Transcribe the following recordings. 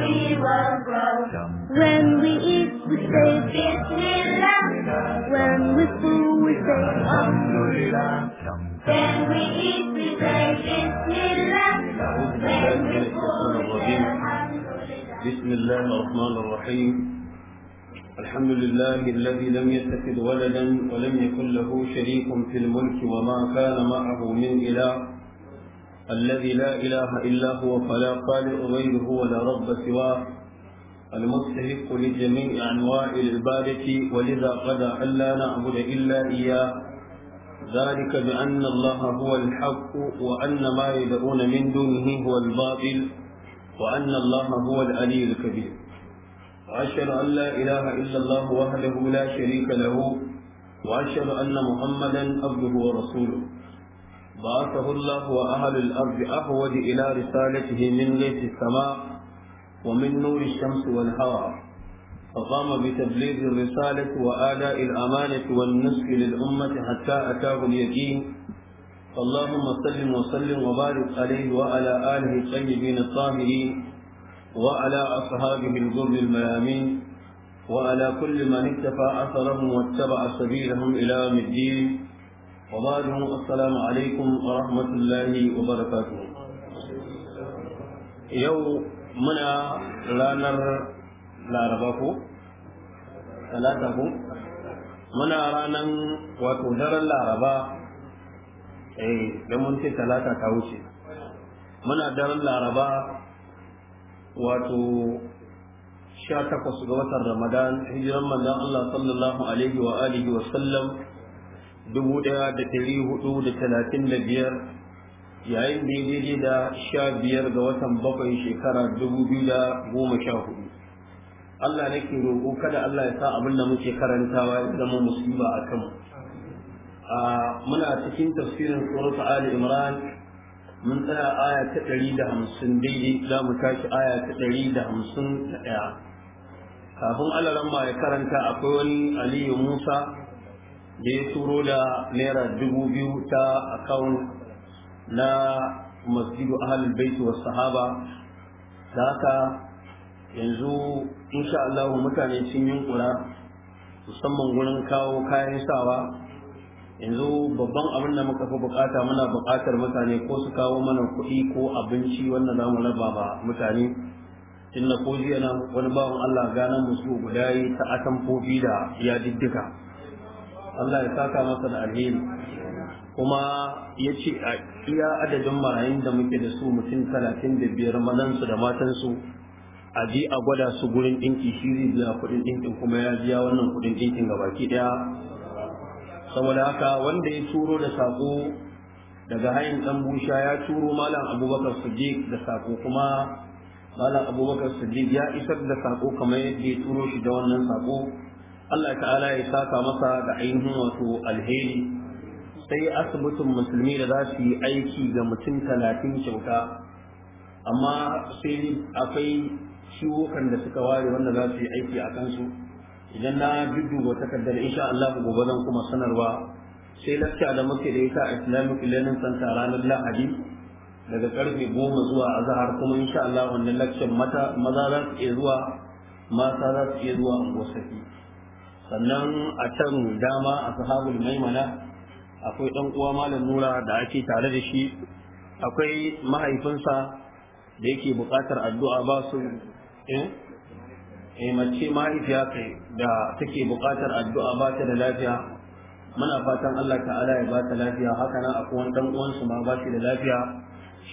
we will grow. When we eat, we say Bismillah. When we fool, we say Alhamdulillah. When we eat, we say Bismillah. When we fool, we say Alhamdulillah. بسم الله الرحمن الرحيم الحمد لله الذي لم يتخذ ولدا ولم يكن له شريك في الملك وما كان معه من إله الذي لا إله إلا هو فلا خالق غيره ولا رب سواه المستحق لجميع أنواع العبادة ولذا غدا ألا نعبد إلا إياه ذلك بأن الله هو الحق وأن ما يدعون من دونه هو الباطل وأن الله هو العلي الكبير وأشهد أن لا إله إلا الله وحده لا شريك له وأشهد أن محمدا عبده ورسوله بعثه الله وأهل الأرض أحوج إلى رسالته من ليس السماء ومن نور الشمس والهواء فقام بتبليغ الرسالة وآداء الأمانة والنصح للأمة حتى أتاه اليقين اللهم سلم وسلم وبارك عليه وعلى آله الطيبين الطاهرين وعلى أصحابه الغر الميامين وعلى كل من اتبع أثرهم واتبع سبيلهم إلى يوم الدين وبعد السلام عليكم ورحمة الله وبركاته يوم منا رانر لارباكو ثلاثة muna ranar wato daren laraba eh da mun ce talata ta wuce muna daren laraba wato sha takwas ga watan ramadan hijiran manzon Allah wa sallam dubu ɗaya da ɗari hudu da talatin da biyar yayin da daidai da sha biyar ga watan bakwai shekara dubu biyu da goma sha hudu Allah ke roƙo kada Allah ya sa abin da muke karantawa ya zama musulma a kanmu muna cikin tafsirin suratu Ali Imran mun tsaya aya ta ɗari da hamsin daidai za mu tashi aya ta ɗari da hamsin da ɗaya kafin alaran ya karanta akwai wani aliyu musa da ya turo da naira dubu biyu ta akawun na masjidu ahalin baitu wa sahaba da haka yanzu insha Allah mutane sun yi kura musamman wurin kawo kayan sawa yanzu babban abin da muka fi bukata muna bukatar mutane ko su kawo mana kuɗi ko abinci wannan za mu raba ba mutane inna ko jiya nan wani bawan Allah gana musu guda yi ta atamfofi da ya diddika Allah ya saka masa da alheri kuma ya ce a iya adadin marayun da muke da su mutum talatin da biyar manansu da matansu a je a gwada su gurin ɗinki shi zai biya kuɗin ɗinkin kuma ya biya wannan kuɗin ɗinkin ga baki ɗaya saboda haka wanda ya turo da saƙo daga hayin ɗan busha ya turo malam abubakar siddiq da saƙo kuma malam abubakar siddiq ya isar da saƙo kamar yadda ya turo shi da wannan saƙo Allah ta'ala ya saka masa da ainihin wato alheri sai asibitin musulmi da za su yi aiki ga mutum talatin kyauta amma sai akwai ciwokan da suka ware wanda za su yi aiki a kansu idan na dudduba takardar insha Allah gobe zan kuma sanarwa sai lakta da muke da yasa a Islamic Learning Center ranar Lahadi daga karfe goma zuwa azahar kuma insha Allah wannan lakcin maza za su iya zuwa mata za su iya zuwa unguwar sannan a can dama a sahabul maimana akwai ɗan uwa malam nura da ake tare da shi akwai mahaifinsa da yake buƙatar addu'a ba su eh, eh mace mahaifiya kai da take buƙatar addu'a ba ta da lafiya muna fatan Allah ta'ala ya ba ta lafiya haka nan akwai ɗan uwan uwansu ma ba shi da lafiya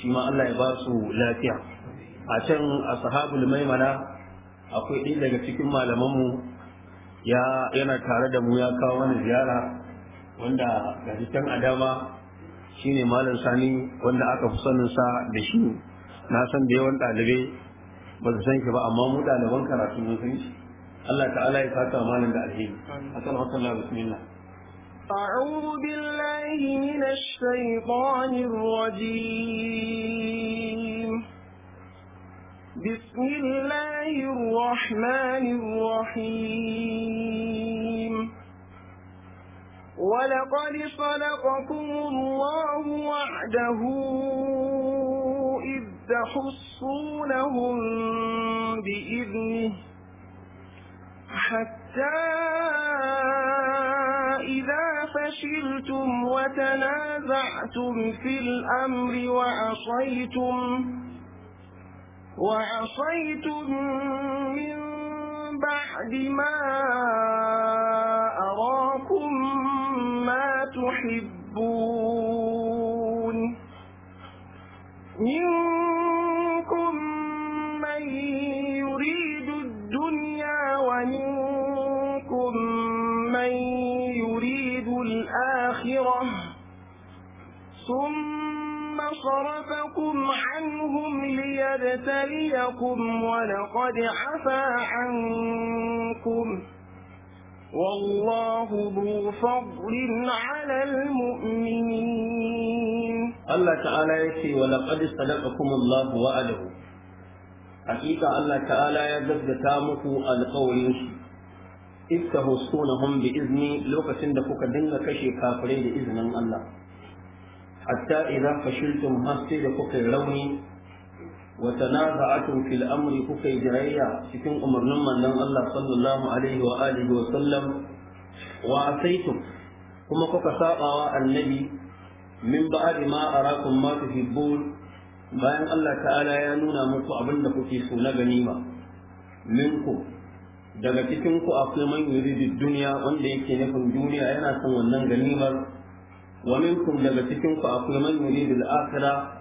shi ma Allah ya ba su lafiya a can a sahabul maimana akwai ɗin daga cikin malamanmu ya yana tare da mu ya kawo wani ziyara wanda ga can adama shine malam sani wanda aka fi sanin sa da shi na san da yawan ɗalibai ba su san shi ba amma mu ɗaliban karatu mun san shi Allah ta'ala ya saka malam da alheri akan Allah bismillah a'udhu billahi minash shaytanir rajim بسم الله الرحمن الرحيم لقد صدقكم الله وعده إذ تحصونهم بإذنه حتى إذا فشلتم وتنازعتم في الأمر وعصيتم وعصيتم من بعد ما تحبون منكم من يريد الدنيا ومنكم من يريد الآخرة ثم صرفكم عنهم ليبتليكم ولقد عفى عنكم والله ذو فضل على المؤمنين الله تعالى يكفي ولقد صدقكم الله وعده حقيقة الله تعالى يجد تامك القول إذ تهصونهم بإذني لو كسندكوك دنك كشي كافرين بإذن الله حتى إذا فشلتم هستي لكوك الروني wa tanaza'atu fil amri kuka jirayya cikin umarnin manzon Allah sallallahu wa alihi wa sallam wa asaitum kuma kuka sabawa annabi min ba'di ma arakum ma tuhibbun bayan Allah ta'ala ya nuna muku abin da kuke so na ganima minku daga cikin ku akwai man yuridu duniya wanda yake nufin duniya yana son wannan ganimar wa minkum daga cikin ku akwai man yuridu al-akhirah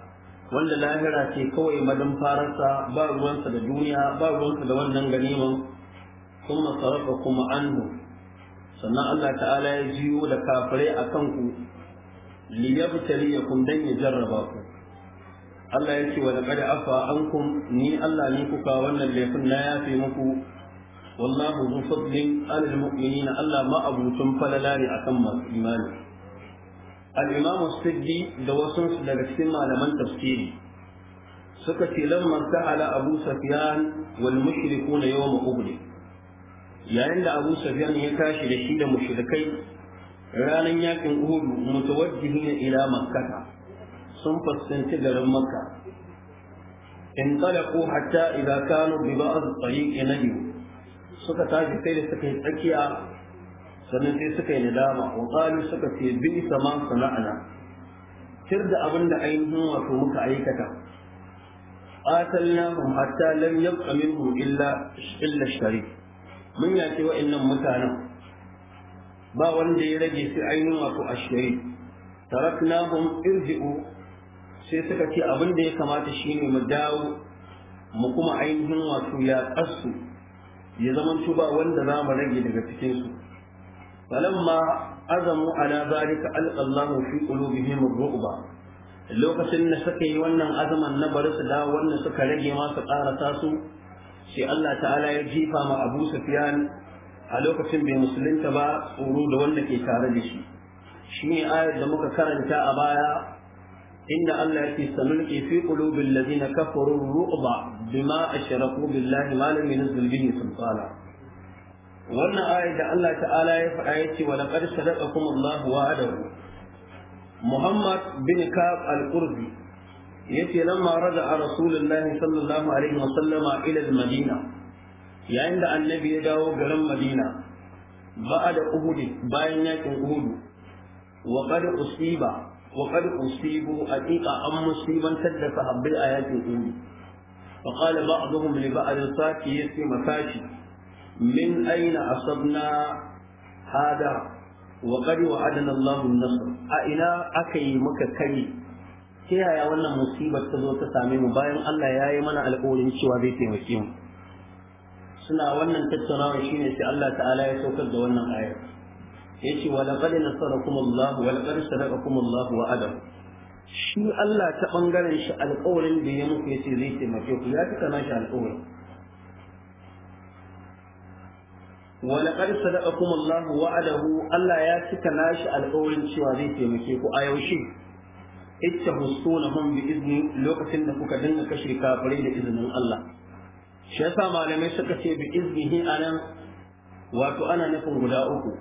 wanda lahira ce kawai madan fararsa ba ruwansa da duniya ba ruwansa da wannan ganiman kuma sarrafa kuma anhu sannan Allah ta'ala ya jiyo da kafirai a kanku liyabtaliyakum dan ya jarraba ku Allah ya ce wa kada afa ankum ni Allah ne kuka wannan laifin na yafe muku wallahu zu fadlin alal mu'minina Allah ma abutun falala ne akan masu imani al-imam da wasu daga cikin malaman tafsiri suka ce lamma sa'ala abu sufyan wal mushrikun yawm uhud yayin da abu sufyan ya tashi da shi da mushrikai ranan yakin uhud mutawajjihin ila makkah sun fuskanci garin makka in talaqu hatta idza kanu bi ba'd tariq nadi suka tashi sai da suka tsakiya sannan sai suka yi nadama wa qalu suka ce bi sama sana'ana tir da abin da ainihin wato muka aikata qatalnahum hatta lam yabqa minhum illa illa mun yace wa'annan mutanen ba wanda ya rage sai ainihin wato ashari taraknahum irji'u sai suka ce abin da ya kamata shine mu dawo mu kuma ainihin wato ya kasu ya zamanto ba wanda za mu rage daga cikinsu falamma azamu ala zalika alqa Allah fi qulubihim ar-ru'ba lokacin da suka yi wannan azaman na bari su dawo wannan suka rage ma su karata su sai Allah ta'ala ya jifa ma Abu Sufyan a lokacin bai musulunta ba tsoro da wanda ke tare da shi shi ne ayar da muka karanta a baya inda Allah yake ke fi qulubil ladina kafaru ru'ba bima ashraku billahi ma lam yunzil bihi sultana wannan ayar da Allah ta'ala ya faɗa ya ce wa laqad kuma Allah wa'adahu Muhammad bin Kab al-Qurdi yace lamma a Rasulullahi sallallahu alaihi wa sallama ila madina yayin da annabi ya dawo garin Madina da Uhud bayan yakin Uhud wa qad usiba wa qad usibu aqiqa am musiban tadda sahabbai a yakin Uhud فقال بعضهم لبعض ساكي يسمى matashi. min aina asabna hada wa qad wa'adana Allah an a ina aka yi muka kari ta yaya wannan musibar ta zo ta same mu bayan Allah ya yi mana alƙawarin cewa zai taimake mu suna wannan tattaunawa shine sai Allah ta'ala ya saukar da wannan ayar yace wa laqad nasarakum Allah wa laqad sadaqakum Allah wa adam shi Allah ta ɓangaren shi alƙawarin da ya muku yace zai taimake ku ya tuka nashi alƙawarin ولقد صدقكم الله وعده Allah ya cika nashi alƙawarin cewa zai taimake ku a yaushe itta husunahum bi izni lokacin da kuka dinga kashe kafirai da izinin Allah shi malamai suka ce bi iznihi anan wato ana nufin guda uku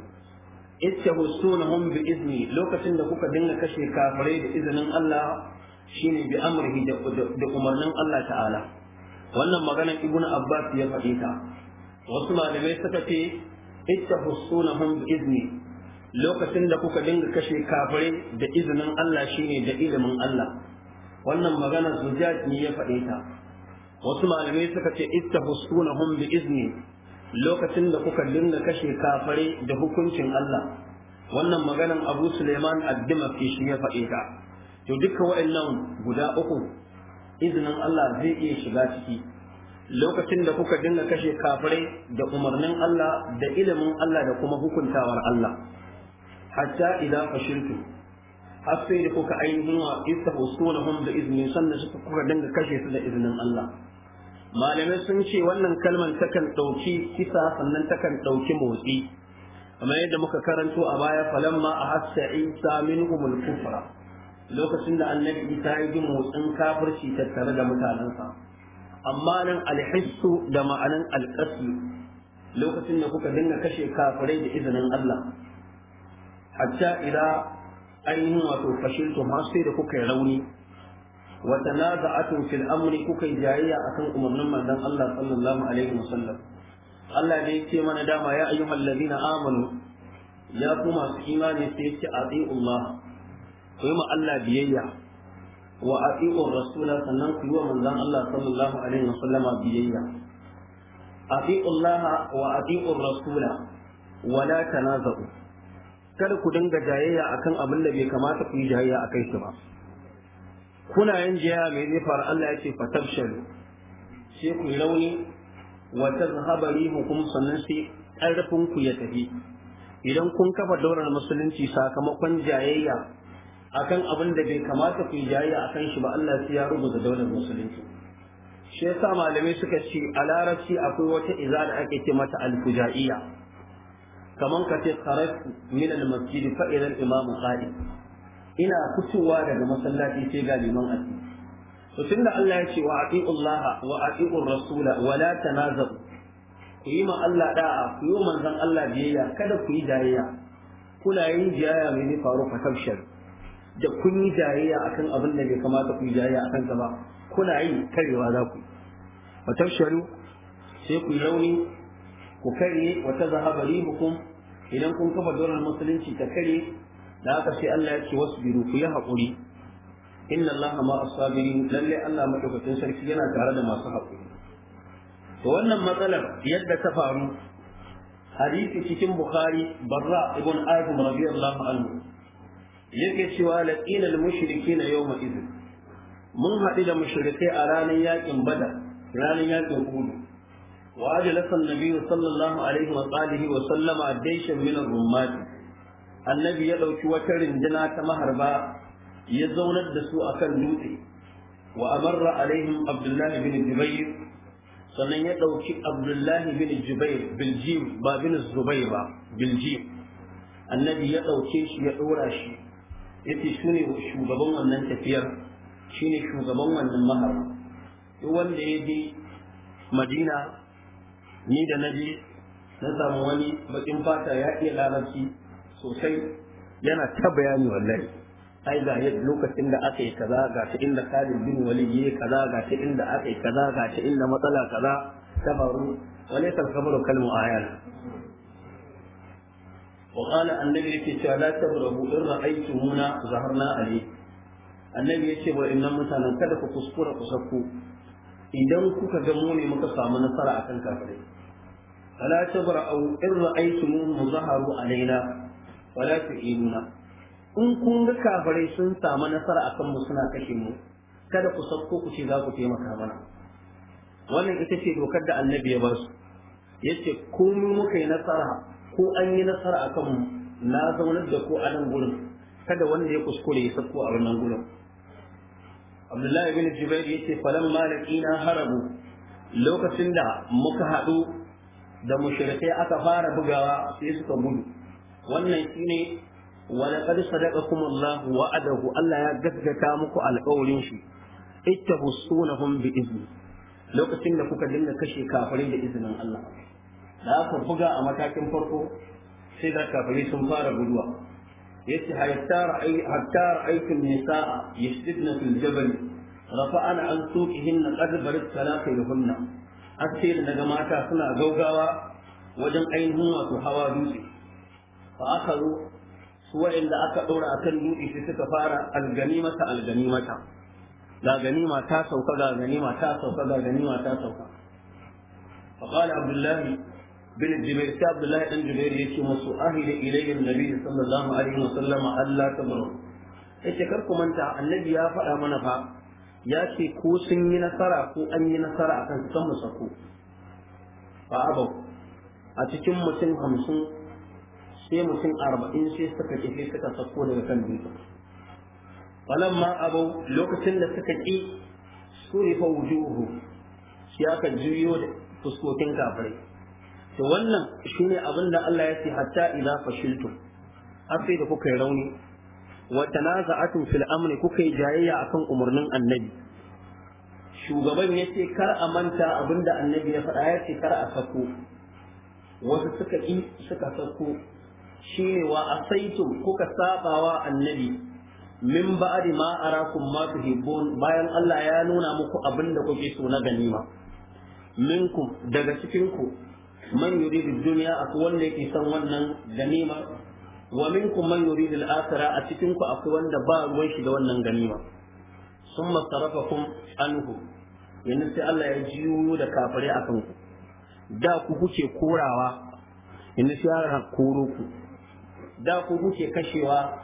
itta husunahum bi izni lokacin da kuka dinga kashe kafirai da izinin Allah shine bi amrihi da umarnin Allah ta'ala wannan maganar ibnu abbas ya faɗi ta wasu malamai suka ce itta husunahum hun izini!" lokacin da kuka dinga kashe kafirai da izinin Allah shine da ilimin Allah wannan magana zujaj ne ya faɗe ta wasu malamai suka ce itta husunahum bi izini!" lokacin da kuka dinga kashe kafirai da hukuncin Allah wannan maganan Abu Suleiman addima fi shi ya faɗe ta to duka wa'annan guda uku izinin Allah zai iya shiga ciki lokacin da kuka dinga kashe kafirai da umarnin Allah da ilimin Allah da kuma hukuntawar Allah hatta idan fashiltu har sai da kuka ainihin wa istahsunahum da iznin sannan suka kuka dinga kashe su da iznin Allah malamai sun ce wannan kalmar takan ɗauki kisa sannan takan ɗauki motsi kamar yadda muka karanto a baya falamma a hassa isa minhum al-kufra lokacin da annabi isa ya ji motsin kafirci tattare da mutanensa amma nan alhissu da ma'anan alƙaslu lokacin da kuka dinga kashe kafirai da izinin Allah hatta ila ainihin wato fashiltu ma sai da kuka yi rauni wa tanaza'atun fil amri kuka yi jayayya akan umarnin manzon Allah sallallahu alaihi wasallam Allah ne yake mana dama ya ayyuhal ladina amanu ya ku masu imani sai yace ati'ullah ku yi wa Allah biyayya wa atiqur rasula sannan ku wa manzon Allah sallallahu alaihi wasallama biyayya Allah wa atiqur rasula wa la tanazaru kada ku dinga jayayya akan abin da bai kamata ku yi jayayya akai shi ba kuna yin jayayya mai nufar Allah ya ce fatabshalu sai ku rauni wa tazhaba rihukum sannan sai ƙarfin ku ya tafi idan kun kafa daular musulunci sakamakon jayayya akan abin da bai kamata ku yi jayayya akan shi ba Allah sai ya rubuta daular musulunci shi yasa malamai suka ce a larabci akwai wata iza da ake ce mata alfujaiya Kamar ka ce kharaj min almasjid fa ila al-imam ina fitowa daga masallaci sai ga liman asiri to tunda Allah ya ce wa Allah wa rasula wa la tanazu ku yi ma Allah da'a ku yi manzon Allah biyayya kada ku yi jayayya kuna yin jayayya mai faru fa tafshar da kun yi jayayya akan abin da bai kamata ku yi jayayya a sa ba kuna yi karewa za ku wa tafshalu sai ku yi rauni ku kare wata ta zahaba idan kun kafa dolar musulunci ta kare da aka sai Allah ya ce wasbiru ku yi haƙuri inna Allah ma asabirin lalle Allah madaukakin sarki yana tare da masu haƙuri to wannan matsalar yadda ta faru hadisi cikin bukhari barra ibn azim radiyallahu anhu yake cewa laqina al-mushrikeena yawma idhin mun haɗu da mushrikai a ranar yakin badar ranar yakin kudu wa ajalasa annabi sallallahu alaihi wa alihi wa sallama daishan min ar-rummat annabi ya dauki wata rinjina ta maharba ya zaunar da su akan dutse wa amarra alaihim abdullahi bin jubair sannan ya dauki abdullahi bin jubair biljim ba bin zubair ba biljim annabi ya dauke shi ya dora shi yace shi ne shugaban wannan tafiyar shi ne shugaban wannan mahar duk wanda ya je madina ni da na je na samu wani bakin fata ya iya larabci sosai yana ta bayani wallahi ai ga yadda lokacin da aka yi kaza ga ta inda kalin bin wali yi kaza ga ta inda aka yi kaza ga ta inda matsala kaza ta faru wale kalkamar kalmu ayana وقال النبي يكي لا تبرهوا إن رأيتمونا ظهرنا عليه النبي يكي وإن مثلا كدك كسكورة كسكو إذا كوكا جموني مكسا من صرع كان كافرين فلا تبرأوا إن رأيتموهم ظهروا علينا ولا تعينونا in kun ga kafirai sun samu nasara a kanmu suna kashe mu kada ku sauko ku ce za ku taimaka mana wannan ita ce dokar da annabi ya ba su yace ko mu muka yi nasara ko an yi nasara a kanmu na zaunar da ku a nan gurin kada wanda ya kuskure ya sako a wannan gurin abdullahi bin jubair ce falan na harabu lokacin da muka haɗu da mushirkai aka fara bugawa sai suka gudu wannan shine wa laqad kuma Allah wa'adahu Allah ya gaggata muku alƙawarin shi ittabusunahum bi izni lokacin da kuka dinga kashe kafirai da izinin Allah da aka buga a matakin farko sai da kafari sun fara guduwa ya yace hatta aikin hatta ra'aytu nisaa yashtidna fil jabal rafa'ana an suqihinna qad barat salaqihunna asai da daga mata suna gaugawa wajen ainihin wato hawa dutse fa aka zo su wa'inda aka dora akan dutse sai suka fara alganimata alganimata ga ganima ta sauka ga ganima ta sauka ga ganima ta sauka فقال عبد الله bin jubair ta abdullahi dan jubair yake musu ahida ilayhi annabi sallallahu alaihi wasallam Allah tabru yace kar ku manta annabi ya faɗa mana fa ya ce ko sun yi nasara ko an yi nasara akan san musako fa abau a cikin mutum hamsin sai mutum arba'in sai suka kife suka sako daga kan dutse falamma abu lokacin da suka ƙi su surifa wujuhu shi aka juyo da fuskokin kafirai to wannan shine abin da Allah ya ce hatta ila fashiltu har sai da kuka yi rauni wa tanaza'atu fil amri kuka yi jayayya akan umarnin annabi shugaban ya ce kar a manta abin da annabi ya faɗa ya ce kar a sako wasu suka ƙi suka sako shine wa asaitu kuka sabawa annabi min ba'di ma arakum ma tuhibbun bayan Allah ya nuna muku abin kuke so na ganima minkum daga cikin ku man يريد الدنيا akwai wanda yake san wannan ganima wa minkum man yuridu al a cikin ku akwai wanda ba ruwan shi da wannan ganima summa sarafakum anhu yanzu sai Allah ya da kafare akan ku da ku kuke korawa yanzu sai aka koro ku da ku kuke kashewa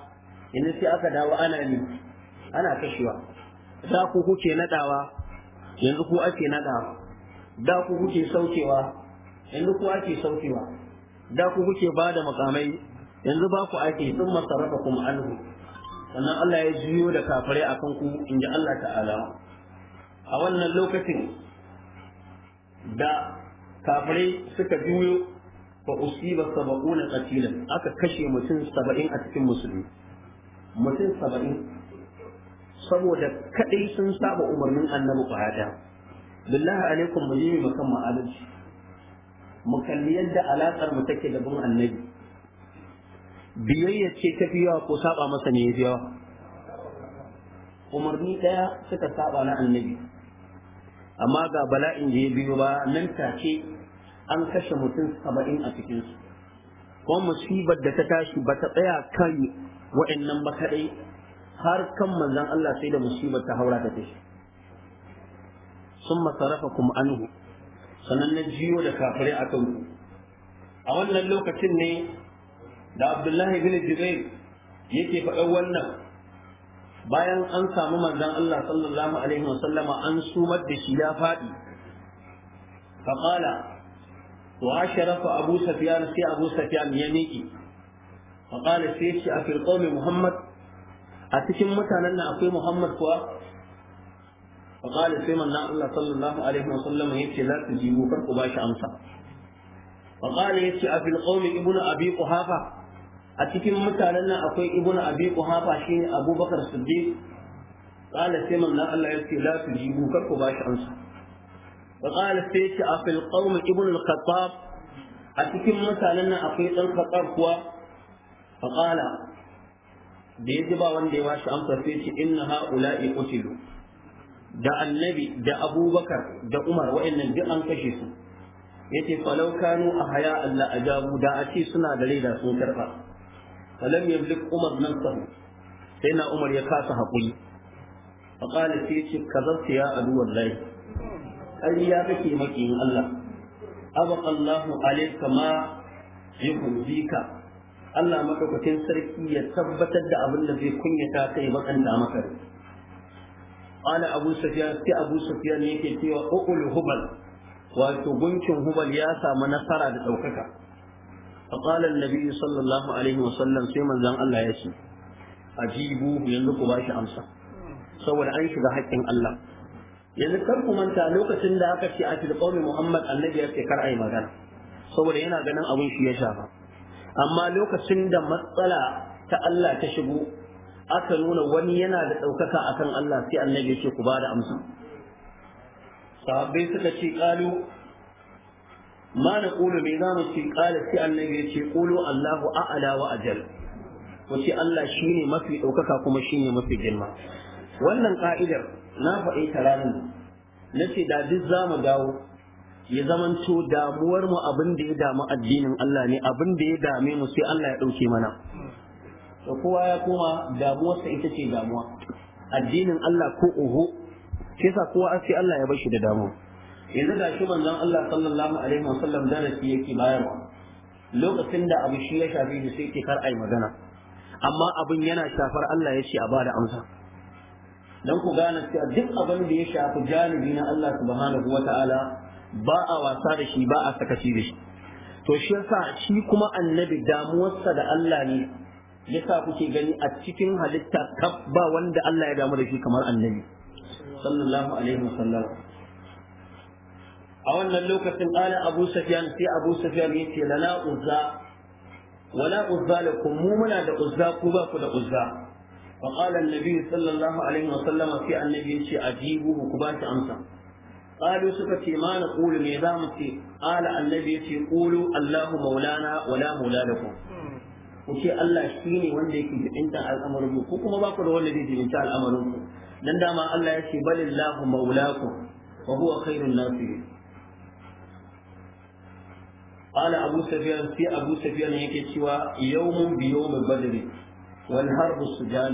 yanzu sai aka dawo ana ne ana kashewa da ku kuke nadawa yanzu ku ake da ku kuke saukewa yanzu kuwa ake saukewa da ku kuke ba da makamai yanzu ba ku ake sun masarrafa kuma alhu sannan Allah ya juyo da kafare a kanku in ji Allah ta'ala a wannan lokacin da kafare suka juyo fa usiba saba'una qatilan aka kashe mutum saba'in a cikin musulmi mutum saba'in saboda kadai sun saba umarnin annabi kwaya daya billahi alaikum mu yi makan ma'adalci mu kalli yadda alaƙar mu take da bin annabi biyayya ce ta yawa ko saba masa ne ya yawa umarni ɗaya suka saba na annabi amma ga bala'in da ya biyo ba nan take an kashe mutum saba'in a cikinsu kuma musibar da ta tashi ba ta tsaya kan wa'annan ba kaɗai har kan manzon Allah sai da musibar ta haura ta tashi sun masarafa kuma anhu Sanannen jiyo da kafirai a kanku a wannan lokacin ne da abdullahi bin jibril yake faɗa wannan bayan an samu manzon Allah sallallahu alaihi wasallama an sumar da shi ya faɗi faƙala wa asharafa abu safiyan sai abu safiyan ya miƙe? faƙala sai shi a firƙomi muhammad a cikin mutanen nan akwai muhammad kuwa faqala sai manna Allah sallallahu alaihi wa sallam yace la ku jibu kar bashi amsa faqala yace a fil qawmi ibn abi a cikin mutanen nan akwai ibn abi quhafa shine abubakar siddiq qala sai manna Allah yace la ku jibu kar bashi amsa faqala sai yace a fil qawmi al khattab a cikin mutanen nan akwai dan khattab kuwa faqala da ya ji ba wanda ya bashi amsa sai yace inna ha'ula'i qutilu da annabi da abubakar da umar wa'annan duk an kashe su yace falau kanu haya Allah ajabu da a ce suna da rai da sun karba falam yamlik umar nan sahu sai na umar ya kasa hakuri fa qala sai yace kazabta ya adu wallahi ai ya kake makiyin Allah abaka Allah alayka ma yukhzika Allah madaukakin sarki ya tabbatar da abin da zai kunyata kai bakanta maka قال أبو سفيان في أبو سفيان يكي في أقل هبل وتبنك هبل ياسا منصر لتوكك فقال النبي صلى الله عليه وسلم سيما زن الله يسي أجيبوه ينلق باش أمسا سوى الآن شغا الله yanzu kar ku manta lokacin da aka ce a tilqaumi Muhammad annabi ya ce kar ai magana saboda yana ganin abin shi ya shafa amma lokacin da matsala ta Allah ta shigo aka nuna wani yana da ɗaukaka akan Allah sai annabi ya ce ku ba da amsa sahabbai suka ce ƙalu ma na ƙulu me za mu ce ƙala sai annabi ya ce ƙulu Allahu a'ala wa ajal ku ce Allah shine mafi ɗaukaka kuma shine mafi girma wannan ƙa'idar na faɗi ta ranar na ce da duk za mu dawo ya zamanto damuwar mu abin da ya damu addinin Allah ne abin da ya dame mu sai Allah ya ɗauke mana da kowa ya koma damuwarsa ita ce damuwa addinin Allah ko oho shi yasa kowa sai Allah ya bar shi da damuwa yanzu ga shi manzon Allah sallallahu alaihi wasallam darasi yake bayarwa lokacin da abu shi ya shafi shi sai ke kar ai magana amma abin yana shafar Allah ya ce a bada amsa dan ku gane cewa duk abin da ya shafi janibi na Allah subhanahu wataala ba a wasa da shi ba a sakaci da shi to shi yasa shi kuma annabi damuwarsa da Allah ne yasa kuke gani a cikin halitta kaf ba wanda Allah ya damu da shi kamar annabi sallallahu alaihi wasallam a wannan lokacin qala abu sufyan sai abu sufyan yace lana uzza wala uzza lakum mu muna da uzza ku ba ku da uzza fa qala annabi sallallahu alaihi wasallam sai annabi yace ajibu ku ba ta amsa قالوا سكت ما نقول ميزان قال النبي يقول الله مولانا ولا مولى لكم ku ce Allah shi ne wanda yake jibinta al'amarin ku kuma ba ku da wanda zai jibinta al'amarin ku dan dama Allah ya ce balillahu maulakum wa huwa khairun nasir قال أبو سفيان في أبو سفيان يكتشوا يوم بيوم بدر والحرب السجان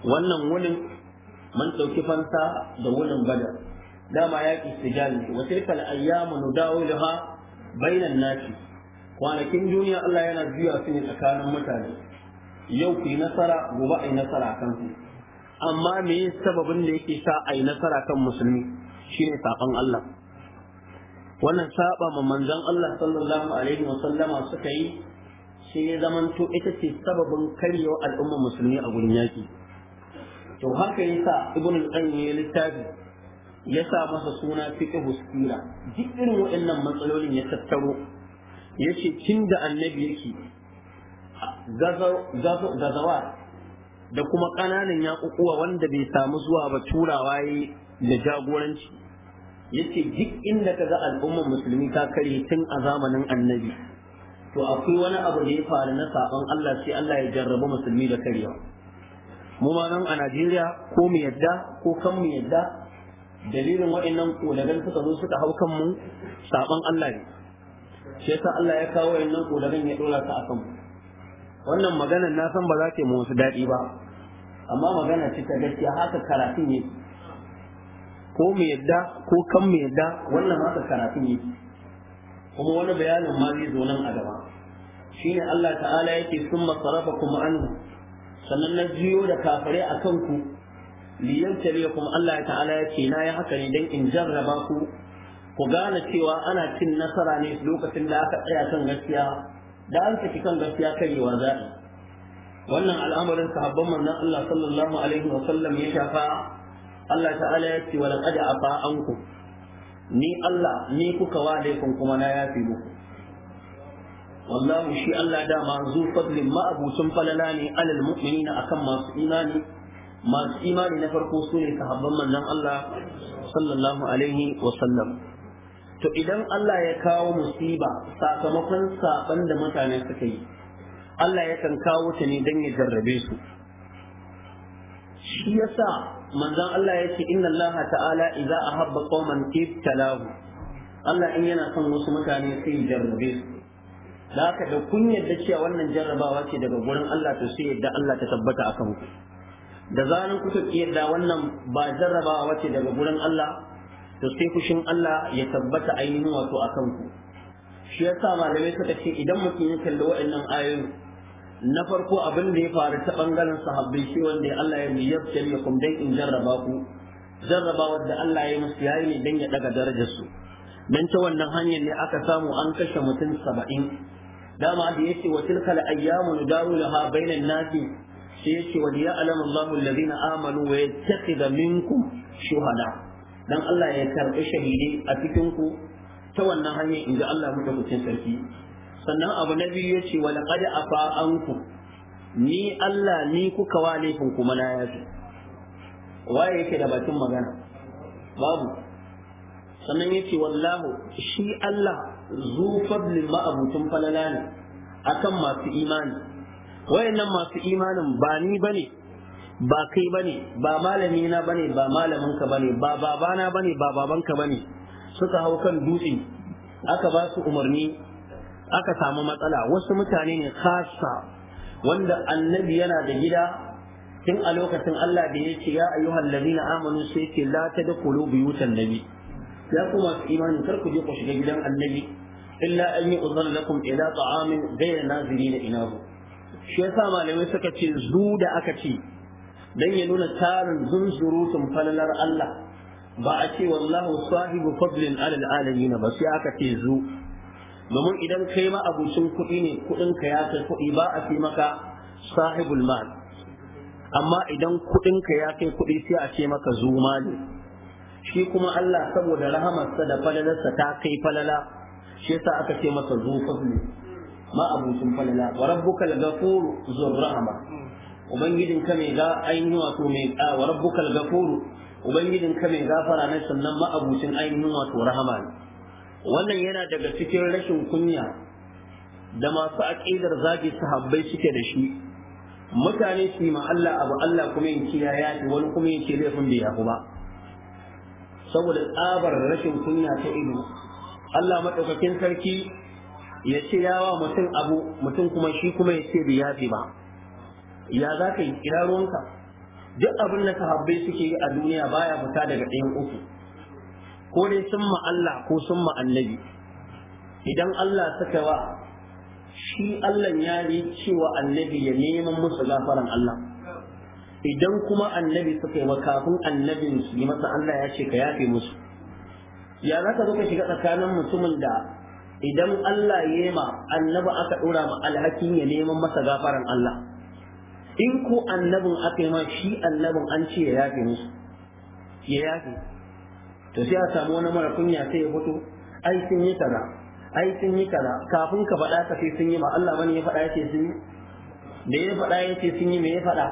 wannan wunin man ɗauki fansa da wunin badar dama yaƙi sijal wa tilkal ayyamu nudawiluha bainan nasi kwanakin duniya Allah yana juya su ne tsakanin mutane yau ku yi nasara gobe a yi nasara kan kansu, amma me yi sababin da yake sa a yi nasara kan musulmi shine saƙon Allah wannan saba ma manzon Allah sallallahu alaihi wa suka yi sai ya to ita ce sababin karyewa al'ummar musulmi a gurin yaki to haka yasa ibn al-qayyim ya littafi ya sa masa suna fiqh sira duk irin waɗannan matsalolin ya tattaro yace da annabi yake gazawa da kuma ƙananan yaƙuƙuwa wanda bai samu zuwa ba turawa yi da jagoranci yace duk inda ka ga al'ummar musulmi ta kare tun a zamanin annabi to akwai wani abu da ya faru na saɓon Allah sai Allah ya jarraba musulmi da karewa mu ma nan a Najeriya ko mu yadda ko kan mu yadda dalilin waɗannan ƙodagan suka zo suka hau kanmu saɓon Allah ne shi yasa Allah ya kawo yannan kodarin ya dora ta akan wannan maganar na san ba za ta yi wasu daɗi ba amma magana ce ta gaskiya haka karatun ne ko mu yadda ko kan mu yadda wannan haka karatun ne kuma wani bayanin ma zai zo nan a gaba shine Allah ta'ala yake sun masarafa anhu sannan na jiyo da kafare a kanku liyan kuma Allah ta'ala yake na yi haka ne dan in jarraba ku ku gane cewa ana cin nasara ne lokacin da aka tsaya kan gaskiya da an saki kan gaskiya karewa za'i wannan al'amarin sahabban manzon Allah sallallahu alaihi wa sallam ya shafa Allah ta'ala ya ce wala qad afa anku ni Allah ni kuka wa laifin kuma na yafi muku wallahu shi Allah dama zu fadlin ma'abusun falala ne alal mu'minina akan masu imani masu imani na farko su ne sahabban manzon Allah sallallahu alaihi wa sallam to idan Allah ya kawo musiba sakamakon saban da mutane suka yi Allah yakan kawo ta ne don ya jarrabe su shi yasa manzon Allah ya ce inna Allah ta'ala idza ahabba qauman ibtalahu Allah in yana son wasu mutane sai ya jarrabe su da haka da kun yadda cewa wannan jarrabawa ce daga gurin Allah to sai yadda Allah ta tabbata akan ku da zaran kuka yadda wannan ba jarrabawa ce daga gurin Allah to sai fushin Allah ya tabbata ainihin wato a kanku shi yasa malamai suka ce idan mutum ya kalli waɗannan ayoyi na farko abin da ya faru ta bangaren sahabbai shi wanda Allah ya yi yabtali kum dan in jarraba ku jarraba wanda Allah ya musu yayi ne dan ya daga darajar su dan ta wannan hanyar ne aka samu an kashe mutum 70 dama da yace wa tilkal ayyamu nudawulaha bainan nasi sai yace wa liya'lamu Allahu alladhina amanu wa yattakhidha minkum shuhada dan Allah ya karɓi shahidi a cikin ku ta wannan hanyar ji Allah madaukakin sarki sannan abu na biyu ce wa laqad afa anku ni Allah ni kuka wa laifin kuma na yafi waye yake da bakin magana babu sannan ya ce wallahu shi Allah zu fadlin ma'abutun falala ne akan masu imani wayannan masu imanin ba ni bane ba kai bane ba malami na bane ba malamin ka bane ba babana bane ba baban ka bane suka hau kan dutse aka ba su umarni aka samu matsala wasu mutane ne khassa wanda annabi yana da gida tun a lokacin Allah da ya ce ya ayyuhal ladina amanu sai ce la tadkhulu buyutan nabi ya kuma masu imani kar ku je ku shiga gidan annabi illa an yu'zan lakum ila ta'amin ghayra nazirina inahu shi yasa malamai suka ce zu da aka ce dan ya nuna tarin zunzurutun falalar Allah ba a ce wallahu sahibu fadlin alal alamin ba sai aka ce zu domin idan kai ma abucin kuɗi ne kuɗin ka ya kai kuɗi ba a fi maka sahibul mal amma idan kuɗin ka ya kai kuɗi sai a ce maka zu mali shi kuma Allah saboda rahamarsa da falalarsa ta kai falala shi yasa aka ce masa zu fadli ma abucin falala wa rabbuka al-ghafur zur rahama ubangijin ka mai ga ainihin wato mai wa rabbukal gafuru ubangijin ka mai gafara ne sannan ma'abucin ainihin wato rahama ne wannan yana daga cikin rashin kunya da masu aƙidar zagi habbai suke da shi mutane su ma Allah abu Allah kuma yin ya yafi wani kuma yin laifin bai yafi ba saboda tsabar rashin kunya ta ido Allah maɗaukakin sarki ya ce yawa mutum abu mutum kuma shi kuma ya ce bai yafi ba ya za ka yi ina ruwanka duk abin da sahabbai suke yi a duniya baya fita daga ɗayan uku ko dai sun ma Allah ko sun ma annabi idan Allah suka wa shi Allah ya yi cewa annabi ya neman musu gafaran Allah idan kuma annabi suka yi makafin kafin annabin su yi masa Allah ya ce ka yafe musu ya za ka zo ka shiga tsakanin mutumin da idan Allah ya yi ma annabi aka ɗora ma alhakin ya neman masa gafaran Allah in ko annabin aka yi ma shi annabin an ce ya yafe musu ya yafe to sai a samu wani mara kunya sai ya fito ai sun yi kaza ai sun yi kaza kafin ka faɗa ka sai sun yi ma Allah bane ya faɗa yace sun yi da ya faɗa yace sun yi me ya faɗa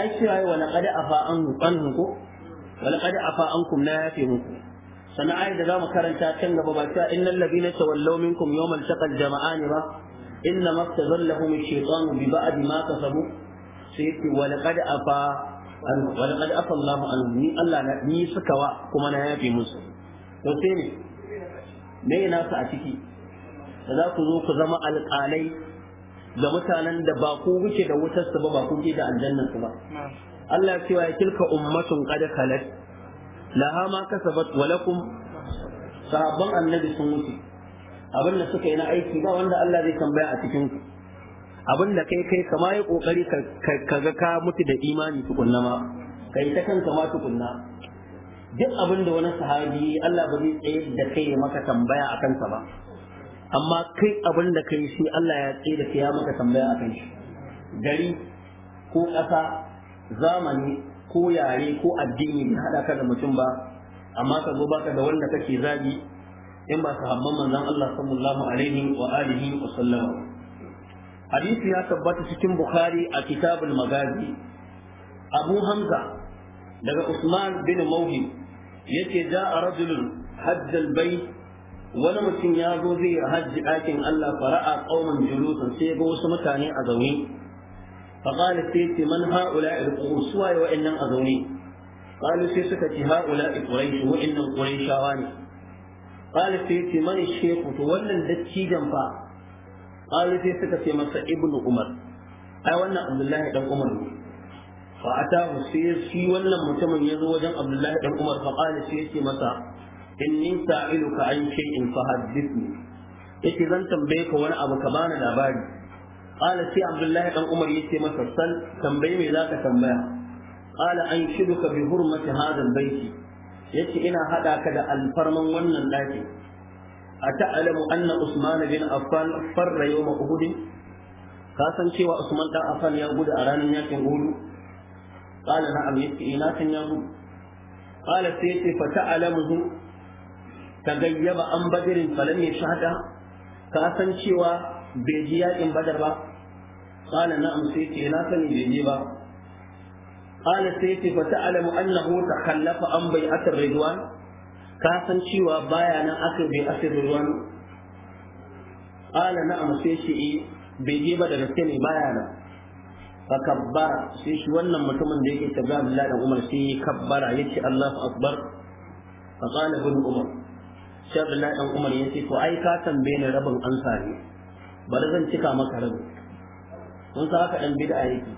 ai cewa ai wala qad afa an anhum ko wala qad afa ankum na yafe muku sana'a ayat da zamu karanta can gaba ba ta innal ladina tawallaw minkum yawmal taqal jama'ani ba inna mastazallahum ash-shaytan bi ba'd ma kasabu sai yake wa laqad afa wa laqad afa Allahu an ni Allah ni suka wa kuma na yafe musu to me a ciki da za ku zo ku zama alƙalai ga mutanen da ba ku wuce da wutar su ba ba ku da aljannan su ba Allah cewa tilka ummatun qad khalat laha ma kasabat wa lakum sahabban annabi sun wuce abin da suka yi na aiki ba wanda Allah zai tambaya a cikin ku abin da kai kai kama yi kokari ka ga ka mutu da imani tukunna ma kai ta kanka ma tukunna duk abin da wani sahabi Allah ba zai tsaye da kai maka tambaya a kansa ba amma kai abin da kai shi Allah ya tsaye da kai ya maka tambaya a kan gari ko ƙasa zamani ko yare ko addini bai haɗa ka da mutum ba amma ka zo baka da wanda kake zagi in ba sahabban manzon Allah sallallahu alaihi wa alihi wa sallam hadisi ya tabbata cikin bukhari a kitabul magazi abu hamza daga usman bin mawhib yace ja'a rajulun hajjal bayt wani mutum ya zo zai yi hajji ɗakin Allah fara'a qauman julusan sai ga wasu mutane a zaune fa qala sayyidi man haula al-qurus suwaye wa'annan a zaune qalu sai suka ci haula quraish wa'annan qurayshawa ne qala sai ce mani shehu to wannan dattijan fa qala sai suka ce masa ibnu umar ai wannan abdullahi dan umar ne fa atahu sai shi wannan mutumin ya zo wajen abdullahi dan umar fa qala sai ce masa inni sa'iluka an shay'in fa haddithni yace zan tambaye ka wani abu ka bani labari qala sai abdullahi dan umar yace masa sal tambaye me zaka tambaya qala an shiduka bi hurmati hadha albayti yace ina hada ka da alfarman wannan lafi a ta'alamu anna usman bin affan farra yawm uhud ka san cewa usman dan affan ya gudu a ranar yakin uhud qala na'am yace ina san ya gudu qala sai yace fa ta'alamu tagayyaba an badrin falam yashhada ka san cewa bai ji yakin badar ba qala na'am sai yace ina sani bai ji ba qala sai ce fa ta'lamu annahu takhallafa an bai'atir ridwan ka san cewa baya nan aka asir ridwan qala na'am sai shi eh, bai je ba da gaske ne baya nan fa kabbara sai shi wannan mutumin da yake tabbata Allah da Umar sai ya kabbara yace Allahu akbar fa qala ibn Umar sai Abdullahi dan Umar yace to ai ka tambaye ni rabin ansa ne bari zan cika maka rabin kun sa haka dan bid'a yake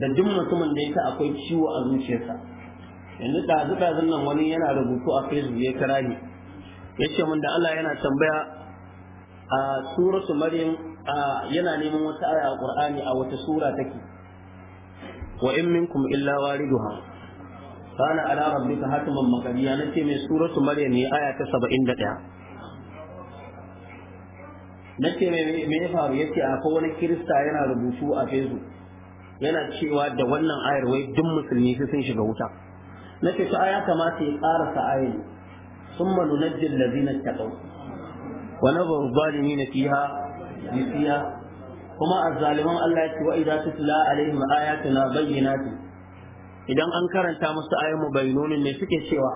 da duk mutumin da yake akwai ciwo a zuciyarsa yanzu ɗazu ɗazun nan wani yana rubutu a facebook ya kira ni ya ce min da Allah yana tambaya a suratu maryam yana neman wata aya a qur'ani a wata sura take wa in minkum illa waliduha kana ala rabbika hatiman maqdiya nace mai suratu maryam ne aya ta 71 na ce me faru ya ce akwai wani kirista yana rubutu a facebook yana cewa da wannan ayar wai duk musulmi sai sun shiga wuta na ce to aya kamata ya ƙara sa ayin summa nunajjil ladina taqaw wa nabaru zalimin fiha jisiya kuma a azzaliman Allah ya ce wa idza tutla alaihim bayyana ta. idan an karanta musu ayoyin mubayyinun ne suke cewa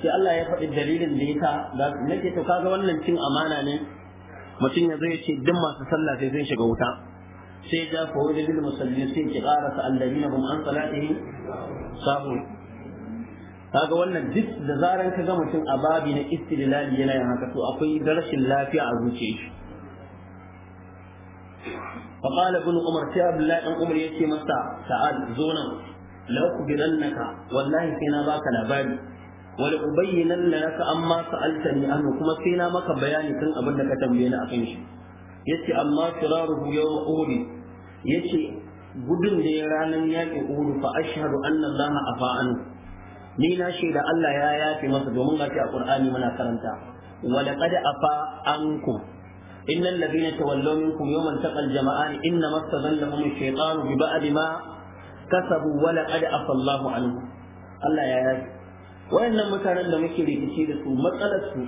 sai Allah ya faɗi dalilin da ya yasa na nake to kaga wannan cin amana ne mutum ya zo ya ce duk masu sallah sai sun shiga wuta sai ja fa wani bil musalli sai ki ƙara sa alladina hum an salatihi sahu kaga wannan duk da zaran ka ga mutum a babi na istidlali yana yin haka to akwai rashin lafiya a zuciyar shi فقال ابن عمر سي عبد الله بن عمر يتي مسا تعال زونا لا أخبرنك والله سينا باك لباري wala ubayyinan laka amma sa'altani anhu kuma sai na maka bayani kan abin da ka tambaye ni akan shi yace amma firaruhu yawm uhud yace gudun da ya ranar yaƙi uhudu fa ashhadu anna allaha afa'an ni na shaida Allah ya yafe masa domin gashi a Qur'ani muna karanta wa laqad afa ankum innal ladina tawallaw minkum yawman taqal jama'an inna mastazallahum ash-shaytanu bi ba'd ma kasabu wa laqad afa Allahu anhum Allah ya yafe wayannan mutanen da muke rikici da su matsalar su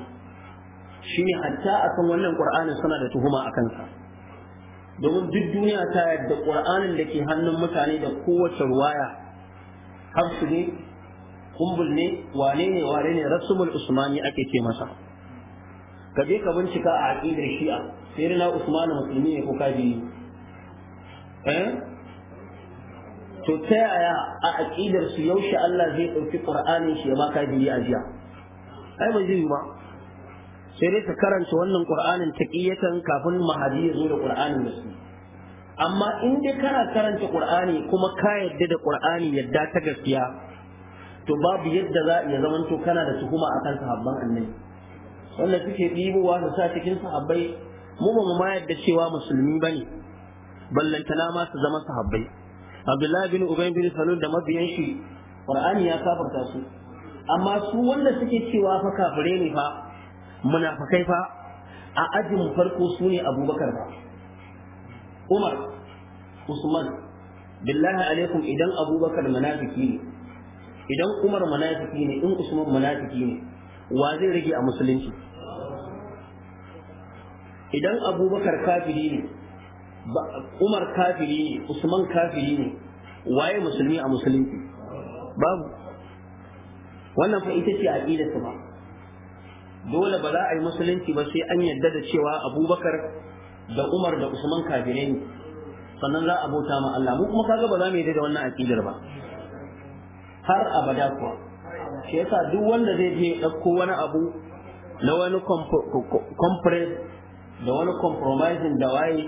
shine hatta akan wannan Qur'ani suna da tuhuma akan sa domin duk duniya ta yadda ƙur'anin da ke hannun mutane da kowace ruwaya hafsu ne kumbul ne wane ne wane ne rasumul usmani ake ce masa ka je ka bincika a aqidar shi'a sai na usmani musulmi ne ko kaji eh to ta yaya a aqidar su yaushe Allah zai ɗauki ƙur'anin shi ya ma kaji a jiya ai ba zai yi ba sai dai ka karanta wannan qur'anin taqiyatan kafin mahadi ya zo da qur'anin da amma in dai kana karanta qur'ani kuma ka yadda da qur'ani yadda ta gaskiya to babu yadda za ya zamanto kana da tuhuma akan sahabban annabi wanda suke ɗibowa su sa cikin sahabbai mu ba mu ma yadda cewa musulmi bane ballantana ma su zama sahabbai abdullahi bin ubayn bin salul da mabiyan shi qur'ani ya kafarta su amma su wanda suke cewa fa kafire ne fa munafikai fa a ajin farko su ne abubakar ba umar usman billahi alaikum idan abubakar munafiki ne idan umar munafiki ne in usman munafiki ne wa zai rage a musulunci idan abubakar kafiri ne umar kafiri ne usman kafiri ne waye musulmi a musulunci babu wannan fa ita ce aqidar su ba dole ba za a yi musulunci ba sai an yarda da cewa abubakar da umar da usman kafirai ne sannan za a bauta ma Allah mu kuma kaga ba za mu yi da wannan aqidar ba har abada kuwa shi yasa duk wanda zai je ɗauko wani abu na wani conference da wani compromising da waye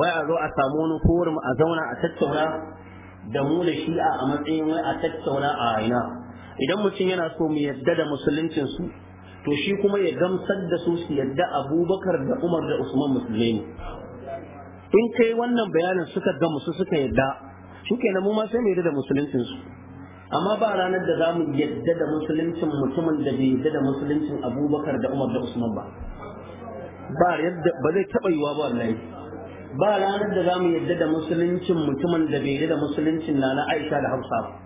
wai a zo a samu wani forum a zauna a tattauna da mu da shi'a a matsayin wai a tattauna a ina idan mutum yana so mu yarda da musuluncin su to shi kuma ya gamsar da su su yadda abubakar da umar da usman musulmai ne in kai wannan bayanin suka musu suka yadda shi ke mu ma sai mu yadda da musuluncin su amma ba ranar da za mu yadda da musuluncin mutumin da bai yadda da musuluncin abubakar da umar da usman ba ba yadda ba zai taɓa yiwa ba wallahi ba ranar da za mu yadda da musuluncin mutumin da bai yadda da musuluncin nana aisha da hausa ba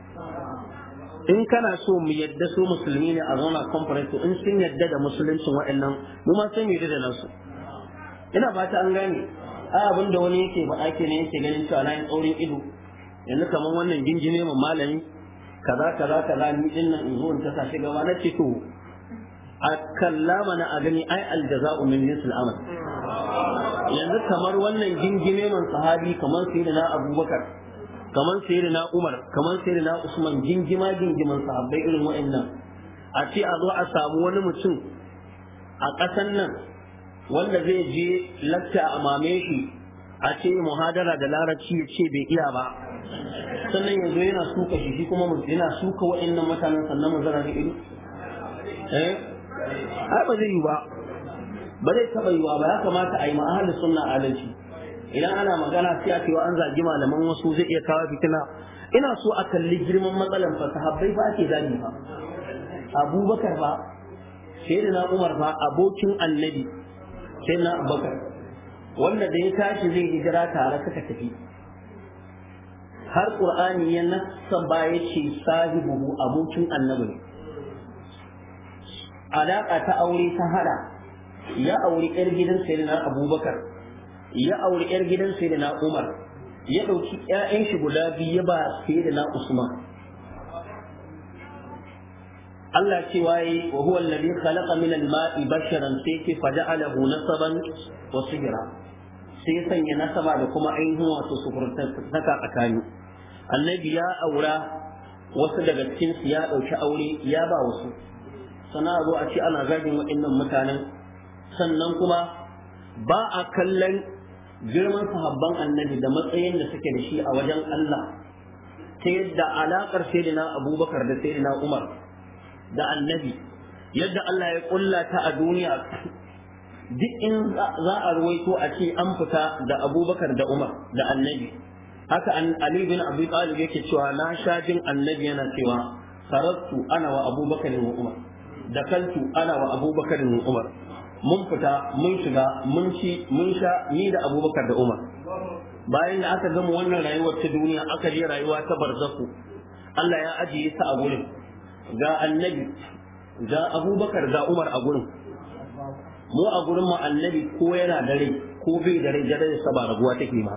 in kana so mu yadda su musulmi ne a zauna conference in sun yadda da musuluncin waɗannan mu ma sun yadda da nasu ina fata an gane a abin da wani yake ba ake ne yake ganin cewa na tsaurin ido yanzu kamar wannan gingine mu malami kaza kaza kaza ni din nan in zo in ta shi gaba na ce to a kallama na a gani ai aljaza'u min jinsil amal yanzu kamar wannan gingine mun sahabi kamar sayyidina abubakar kaman na Umar kaman na Usman gingima gingiman sahabbai irin wa'annan a ce a zo a samu wani mutum a ƙasan nan wanda zai je latta a mame shi a ce muhadara da larabci ya ce bai iya ba sannan yanzu yana suka shi shi kuma yana suka wa'annan mutanen sannan mu zara ido eh ba zai yi ba ba zai taɓa yiwa ba ya kamata a yi ma'ahalin sunna adalci idan ana magana sai a cewa an zagi malaman wasu zai iya kawo fitina ina so a kalli girman matsalan fa sahabbai ba ake zagi ba abubakar ba sai na umar ba abokin annabi sai na abubakar wanda da ya tashi zai hijira tare suka tafi har qur'ani ya nassa ba ce sahibu abokin annabi ne alaka ta aure ta hada ya auri yar gidan sai na abubakar ya auri yar gidan sai da na umar ya ɗauki ‘ya'yan shi guda biyu ya ba sai da na usman Allah ce waye wa huwa alladhi khalaqa min al-ma'i basharan sai ke faja'alahu nasaban wa sihra sai sanya nasaba da kuma ainihin wato saka tsakani annabi ya aura wasu daga cikin su ya ɗauki aure ya ba wasu sana zo a ce ana zagin waɗannan mutanen sannan kuma ba a kallon girman sahabban annabi da matsayin da suke da shi a wajen Allah ta yadda alaƙar sayyidina abubakar da sayyidina umar da annabi yadda Allah ya kulla ta a duniya duk in za a ruwaito a ce an fita da abubakar da umar da annabi haka ali bin abi talib yake cewa na shajin annabi yana cewa sarattu ana wa abubakar da umar kaltu ana wa abubakar da umar mun fita mun shiga mun ci mun sha ni da abubakar da umar bayan da aka gama wannan rayuwar ta duniya aka je rayuwa ta barzaku Allah ya ajiye su a gurin ga annabi ga abubakar ga umar a gurin mu a gurin mu annabi ko yana da rai ko bai da rai da sa ba raguwa take ma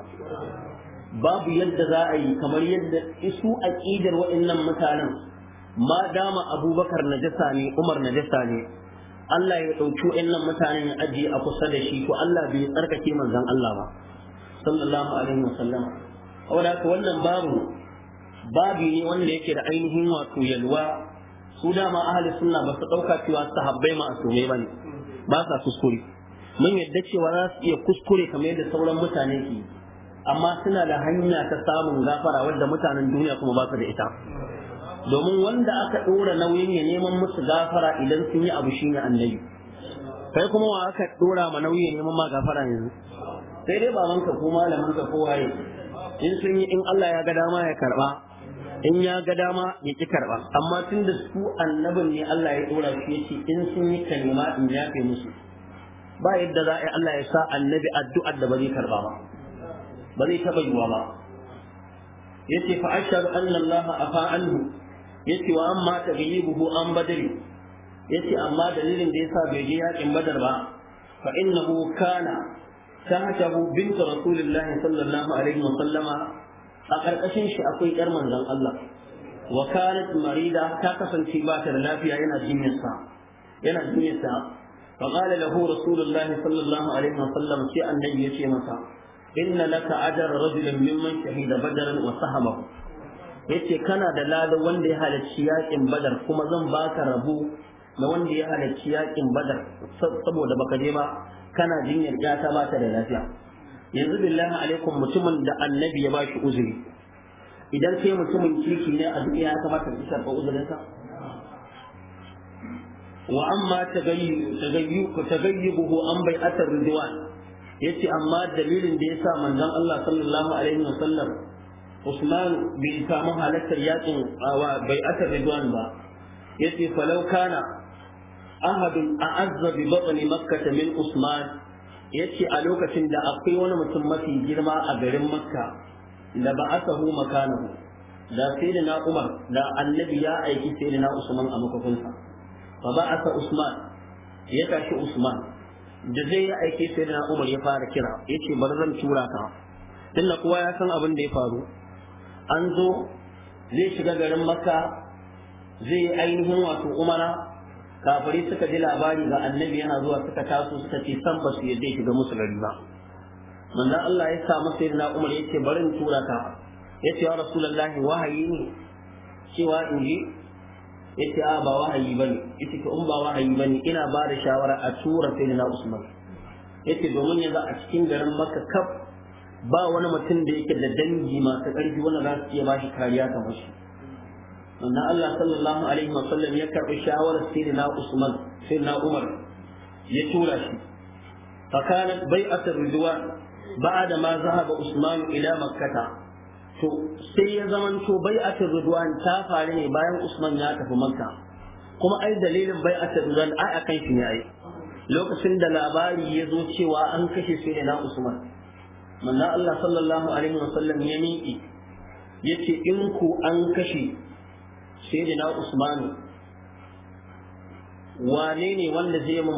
babu yadda za a yi kamar yadda isu aƙidar waɗannan mutanen ma dama abubakar najasa ne umar najasa ne Allah ya ɗauki wa'annan mutane ya ajiye a kusa da shi ko Allah bai tsarkake manzan Allah ba sallallahu alaihi wasallam wanda haka wannan babu babi ne wanda yake da ainihin wato yalwa su dama ahli sunna ba su ɗauka cewa sahabbai ma'asumai ba ne ba sa kuskure mun yadda cewa za su iya kuskure kamar yadda sauran mutane ke amma suna da hanya ta samun gafara wadda mutanen duniya kuma ba su da ita domin wanda aka ɗora nauyin ya neman musu gafara idan sun yi abu shine annabi kai kuma wa aka ɗora ma nauyin ya neman ma gafara yanzu sai dai baban ka ko ka ko waye in sun yi in Allah ya ga dama ya karba in ya ga dama ya ki karba amma tunda su annabin ne Allah ya ɗora su yace in sun yi kalima in fe musu ba yadda za a Allah ya sa annabi addu'ar da ba zai karba ba ba zai taɓa yiwa ba yace fa ashhadu anna Allah afa anhu yace wa amma taghlibuhu an badri yace amma dalilin da yasa bai je yakin badar ba fa innahu kana tahtahu bint rasulillahi sallallahu alaihi wa sallama a karkashin shi akwai yar manzon Allah wa kanat marida ta kasance ba ta da lafiya yana jinyar sa yana jinyar sa fa qala lahu rasulullahi sallallahu alaihi wa sallam sai annabi yace masa inna laka ajra rajulan mimman shahida badran wa sahabahu yace kana da lada wanda ya halarci yakin badar kuma zan baka rabu na wanda ya halarci yakin badar saboda baka je ba kana jinyar gata ba ta da lafiya yanzu billahi alaikum mutumin da annabi ya bashi uzuri idan sai mutumin kirki ne a duniya ya kamata ka uzurin sa? wa amma tagayyubu tagayyubuhu an bai atar ridwan yace amma dalilin da yasa manzon Allah sallallahu alaihi wasallam Usman bai samu halattar yakin wa bai aka Ridwan ba yace falau kana ahadun a'azza bi batni makkah min Usman yace a lokacin da akwai wani mutum mafi girma a garin Makka da ba ba'athahu makanahu da sayyidina Umar da annabi ya aiki sayyidina Usman a makafinsa fa ba'atha Usman ya tashi Usman da zai ya aiki sayyidina Umar ya fara kira yace bar zan tura ka tunda kowa ya san abin da ya faru an zo zai shiga garin maka zai yi ainihin wato umara kafari suka ji labari ga annabi yana zuwa suka taso suka ce san ba su yadda shiga musu gari ba manzon Allah ya samu sayyidina Umar yace bari in tura ka yace ya rasulullahi wahayi ne cewa in ji yace a ba wahayi bane yace to in ba wahayi bane ina ba da shawara a tura sayyidina Usman yace domin yanzu a cikin garin maka kaf ba wani mutum da yake da dangi masu ƙarfi wanda za su iya ba shi kariya ta shi wannan Allah sallallahu alaihi wa sallam ya karɓi shawarar sayyidina Usman sayyidina Umar ya tura shi fa kanat bai'atu ridwan ba'da ma zahaba Usman ila Makkah to sai ya zamanto bai'atu ridwan ta faru ne bayan Usman ya tafi Makka kuma ai dalilin bai'atu ridwan ai akan shi ne ai lokacin da labari ya zo cewa an kashe sai na Usman manzo Allah sallallahu alaihi Sallam ya miƙi yace in ku an kashe sayyidina Usman wane ne wanda zai mun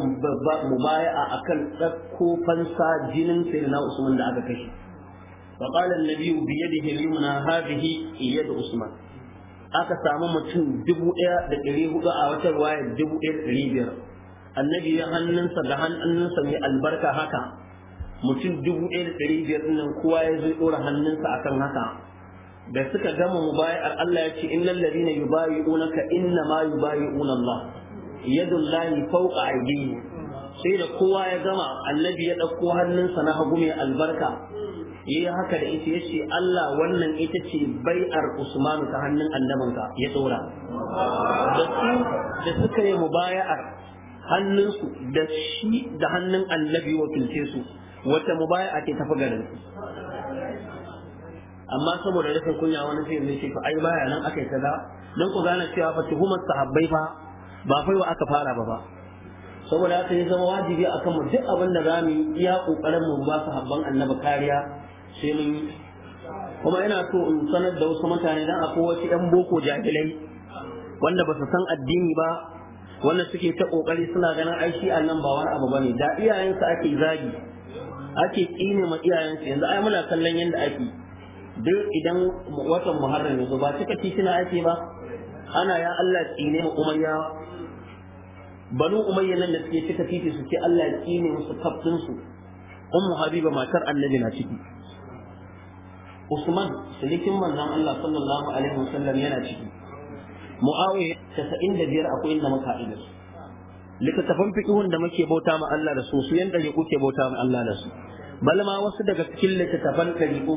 mubaya'a akan ɗauko fansa jinin na Usman da aka kashe فقال النبي بيده اليمنى هذه يد Usman. aka samu mutum dubu ɗaya da ɗari hudu a wata ruwaya dubu ɗaya da ɗari biyar annabi ya hannunsa da hannunsa mai albarka haka mutum dubu ɗaya da ɗari biyar ɗin nan kowa ya zo ɗora hannunsa akan haka da suka gama mubayar Allah ya ce na ladina yubayi'unaka inna ma yubayi'una Allah yadullahi fawqa aydihim sai da kowa ya gama annabi ya ɗauko hannunsa na hagu mai albarka yi haka da ita ce Allah wannan ita ce bai'ar Usmanu ta hannun annabinka ya tsora da su da suka yi mubaya'ar hannunsu da shi da hannun annabi wakilce su wata mubaya'a ce tafi garin amma saboda rashin kunya wani sai zai ce ai baya nan akai kaza dan ku gane cewa fa tuhumar sahabbai fa ba fa wa aka fara ba ba saboda haka ya zama wajibi akan mu duk abin da zamu iya kokarin mu ba sahabban annabi kariya sai mun kuma ina so in sanar da wasu mutane dan akwai wasu yan boko jahilai wanda ba su san addini ba wanda suke ta kokari suna ganin ai shi nan ba wani abu bane da iyayensu ake zagi ake kine ma iyayensu yanzu ai muna kallon yadda ake duk idan watan muharram yanzu ba cika suna ake ba ana ya Allah kine ma umayya banu umayya nan da suke cika titi su ce Allah ya tsine musu kaftin su ummu habiba matar annabi na ciki usman silikin manzon Allah sallallahu alaihi wasallam yana ciki muawiya 95 akwai inda muka haɗu su littattafan fikihun da muke bauta ma Allah da su su yanda ya kuke bauta ma Allah da su balma wasu daga cikin littattafan kariku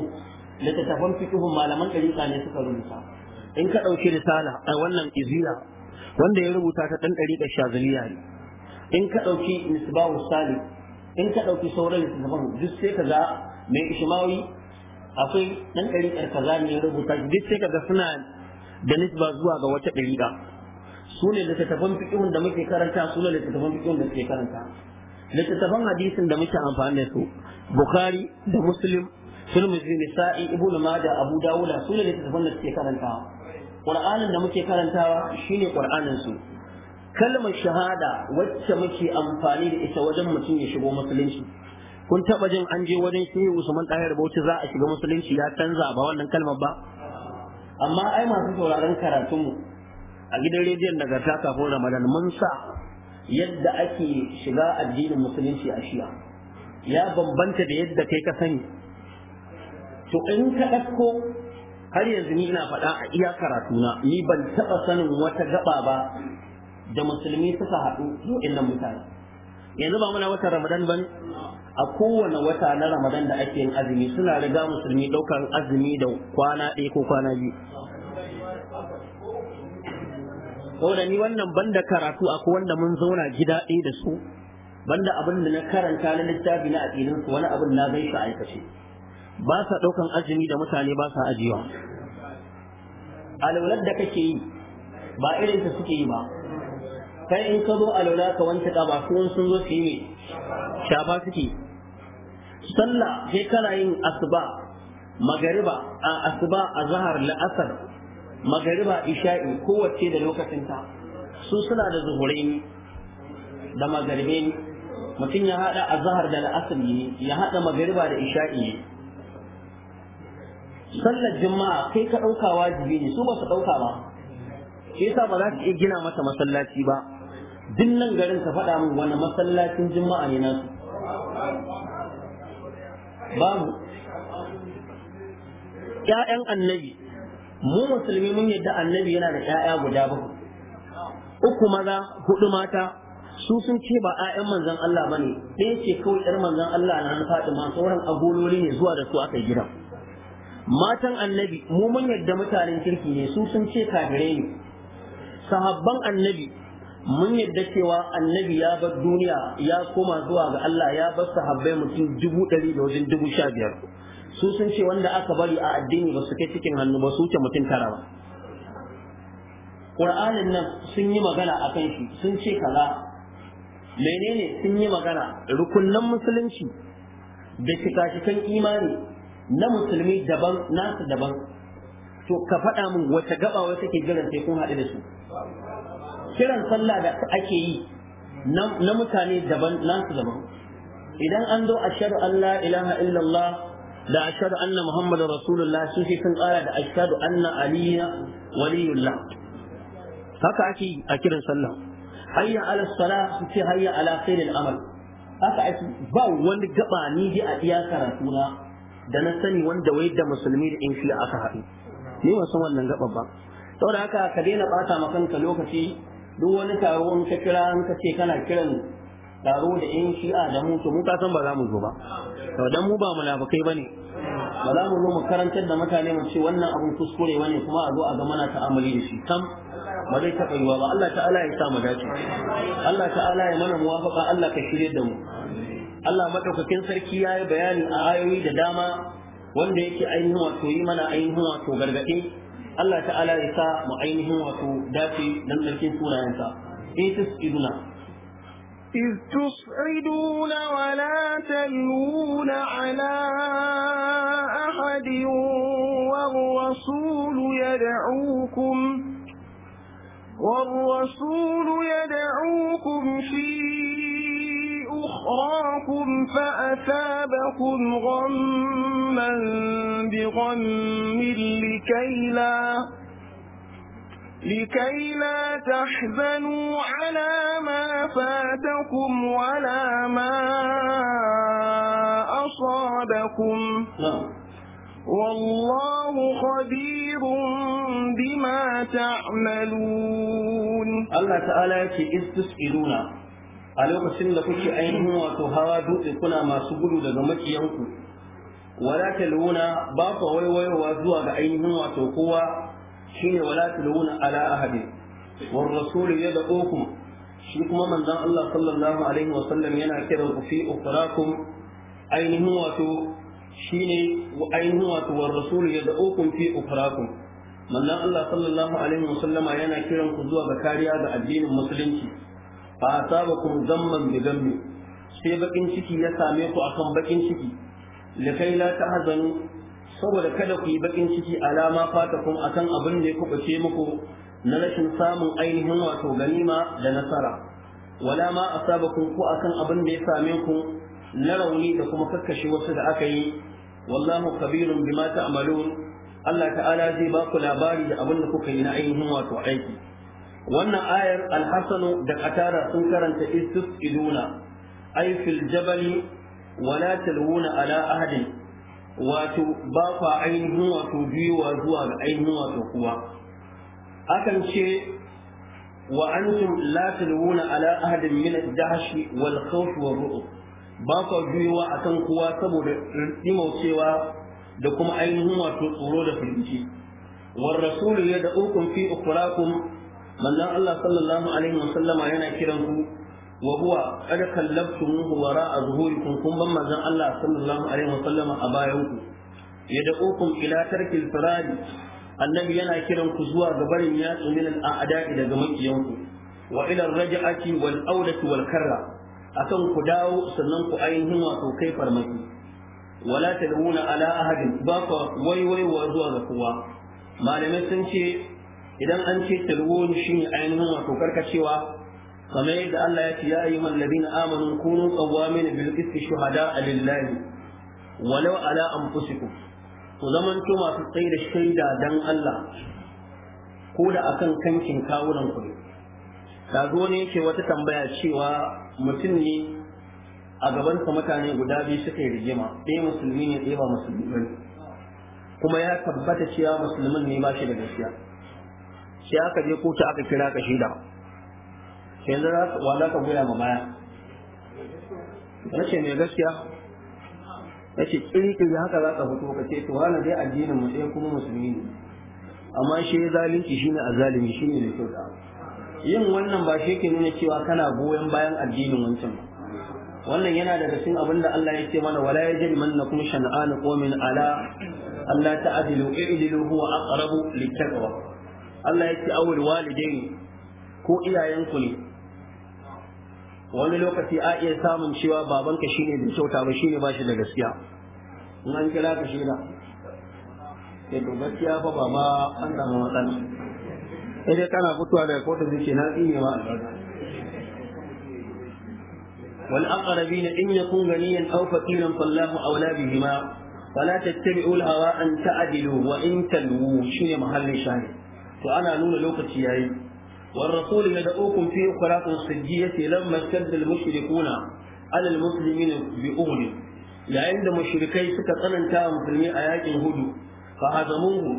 littattafan fikihun malaman ɗariƙa ne suka rubuta in ka ɗauki risala a wannan izina, wanda ya rubuta ta ɗan ɗariƙar shazaliya ne in ka ɗauki misbahu salih in ka ɗauki sauran littattafan duk sai ka ga mai ishmawi akwai ɗan ɗariƙar kaza ne ya rubuta duk sai ka ga suna da nisba zuwa ga wata ɗariƙa su ne littattafan fikihun da muke karanta su ne littattafan fikihun da muke karanta littattafan hadisin da muke amfani da su bukhari da muslim tirmidhi nisa'i ibnu majah abu dawuda su ne littattafan da suke karantawa qur'anin da muke karantawa shine qur'anin su kalmar shahada wacce muke amfani da ita wajen mutum ya shigo musulunci kun taba jin an je wajen shehu usman ɗaya rubuci za a shiga musulunci ya canza ba wannan kalmar ba amma ai masu sauraron karatunmu a gidan rediyon nagarta kafin ramadan mun sa yadda ake shiga addinin musulunci a shiya ya bambanta da yadda kai ka sani to in ka ɗauko har yanzu ni ina faɗa a iya karatuna ni ban taɓa sanin wata gaba ba da musulmi suka haɗu waɗannan mutane yanzu ba muna watan ramadan ba a kowane wata na ramadan da ake yin azumi suna riga musulmi ɗaukar azumi da kwana ɗaya ko kwana biyu saboda ni wannan banda karatu a wanda mun zauna gida ɗaya da su banda abin da na karanta na littafi na aƙinin su wani abin na gan aikace ba sa ɗaukan azumi da mutane ba sa ajiyewa alaulat da kake yi ba irin ta suke yi ba kai in ka zo alaula ka wanke ba su sun zo su yi ne shafa suke sallah sai kana yin asuba magariba a asuba a zahar la'asar magariba isha'i kowace da lokacinta su suna da zuhurai da magaribe mutum ya haɗa azhar da la'asar ne ya haɗa magariba da isha'i ne sallar juma'a kai ka ɗauka wajibi ne su ba su ɗauka ba shi yasa ba za su iya gina mata masallaci ba duk nan garin ka faɗa min wani masallacin juma'a ne nasu babu ‘ya'yan annabi mu musulmi mun yadda annabi yana da ƴaƴa guda ba uku maza hudu mata su sun ce ba ƴaƴan manzon Allah bane ɗaya ce kawai ƴar manzon Allah na Fatima sauran agololi ne zuwa da su aka gidan matan annabi mu mun yadda mutanen kirki ne su sun ce kafirai ne sahabban annabi mun yadda cewa annabi ya bar duniya ya koma zuwa ga Allah ya bar sahabbai mutum dubu ɗari da wajen dubu sha biyar su sun ce wanda aka bari a addini ba su kai cikin hannu ba su ce mutum tara ba ƙur'anin nan sun yi magana a kan shi sun ce kaza menene sun yi magana rukunnan musulunci da shikashikan imani na musulmi daban nasu daban to ka faɗa min wata gaba wata ke jiran sai kun haɗu da su kiran sallah da ake yi na mutane daban nasu daban idan an zo a shar'an Allah ilaha illallah da ashhadu anna muhammadar rasulullah sun sai sun kara da ashhadu anna aliya waliyullah haka ake a kiran sallah hayya ala salah su ce hayya ala khairil amal haka ake ba wani gaba ni ji a iya karatu da na sani wanda wai da musulmi da in shi aka haɗu ni ba san wannan gaba ba saboda haka ka daina bata ma kanka lokaci duk wani taro in ka kira in ka ce kana kiran taro da yan shi'a da mu to mu ka san ba za mu zo ba to dan mu ba munafikai bane ba za mu zo mu karantar da mutane mu ce wannan abun kuskure bane kuma a zo a ga mana ta'amuli da shi Tam ba zai taɓa yiwa ba Allah ta'ala ya sa mu dace Allah ta'ala ya mana muwafaqa Allah ka shirye da mu Allah madaukakin sarki ya yi bayani a ayoyi da dama wanda yake ainihin wato yi mana ainihin wato gargaɗi Allah ta'ala ya sa mu ainihin wato dace dan sarkin sunayensa. Isis Ibna إذ تصعدون ولا تلون على أحد والرسول يدعوكم والرسول يدعوكم في أخراكم فأثابكم غما بغم لكي لا لكي لا تحزنوا على ما فاتكم ولا ما أصابكم نعم. والله خبير بما تعملون الله تعالى استسئلونا عليكم السنة لكم أينهم وتهوى دوت كنا ما سبلوا لذلك يوكم ولا تلونا باقوا ويوى وزوى أينهم وتهوى shine wala tuluna ala ahadi war rasul yad'ukum shi kuma manzon Allah sallallahu alaihi wa sallam yana kiran ku fi ukhrakum ainihin wato shine ainihin wato war rasul yad'ukum fi ukhrakum manzon Allah sallallahu alaihi wa sallama yana kiran ku zuwa ga kariya ga addinin musulunci fa asabakum zamman bi sai bakin ciki ya same ku akan bakin ciki likai la tahzanu saboda kada ku yi bakin ciki alama fata fatakum akan abin da ya kubuce muku na rashin samun ainihin wato ganima da nasara wala ma asabakum ku akan abin da ya same ku na rauni da kuma kakkashe wasu da aka yi wallahu kabirun bima ta'malun Allah ta'ala zai ba ku labari da abin da kuka yi na ainihin wato aiki wannan ayar alhassanu da katara sun karanta istus iduna ay fil jabali wala talwuna ala ahadin wato ba kwa ainihin wato biyuwa zuwa ga ainihin wato kuwa akan ce wa antum la tulwuna ala ahadin min ad-dahshi wal khawf wa ru'u ba kwa biyuwa akan kuwa saboda cewa da kuma ainihin wato tsoro da firgici wal rasul yad'ukum fi ukhrakum manzon Allah sallallahu alaihi wasallama yana kiran ku wa huwa qad kallabtumuhu wara'a zuhurikum kun ban manzon Allah sallallahu alaihi wasallam a bayanku Yada ila tarkil firadi annabi yana kiran ku zuwa ga barin yatsu min al'a'da'i daga makiyanku wa ila raj'ati wal awlati wal karra akan ku dawo sannan ku ainihin wato kai farmaki wala tad'una ala ahadin ba ku waiwaiwa zuwa ga kowa malamai sun ce idan an ce talwon shine ainihin wato cewa. kamar yadda Allah ya ce ya ayyuha alladhina amanu kunu qawamin bil qisti shuhada'a lillahi walau ala anfusikum ku zaman to masu tsayi da shaida dan Allah ko da akan kankin kawunan ku da zo ne yake wata tambaya cewa mutum ne a gabansa mutane guda biyu suka yi rigima ɗaya musulmi ne ɗaya ba musulmi ba kuma ya tabbata cewa musulmin ne ba shi da gaskiya sai aka je kotu aka kira ka shaida. yanzu za ka wala ka goya ma maya rashin mai gaskiya ya ce kirkiri haka za ka fito ka ce to hana dai addinin mu ɗaya kuma musulmi ne amma shi ya zalunci shine azalimi shine da kyau da yin wannan ba shi ke nuna cewa kana goyon bayan addinin wancan wannan yana daga cikin abin da Allah ya ce mana wala yajrimannakum shan'anu qawmin ala Allah ta'dilu i'dilu huwa aqrabu littaqwa Allah ya ce awul walidaini ko iyayenku ne wani lokaci a iya samun cewa babanka shine bai kyauta ba shine ba shi da gaskiya in an kira ka shaida sai eh to gaskiya fa ba ma an samu matsala sai dai kana fitowa daga kotu zai ce na tsine ma والأقربين إن يكون غنيا أو فقيرا فالله أولى بهما فلا تتبعوا الهوى أن تعدلوا وإن تلووا شنو محل شاهد فأنا نون لوكتي yayi. والرسول يدعوكم في أخراكم السجية لما اشتد المشركون على المسلمين بأهل yayin da mushirikai suka tsananta wa musulmi a yakin hudu fa hazamuhu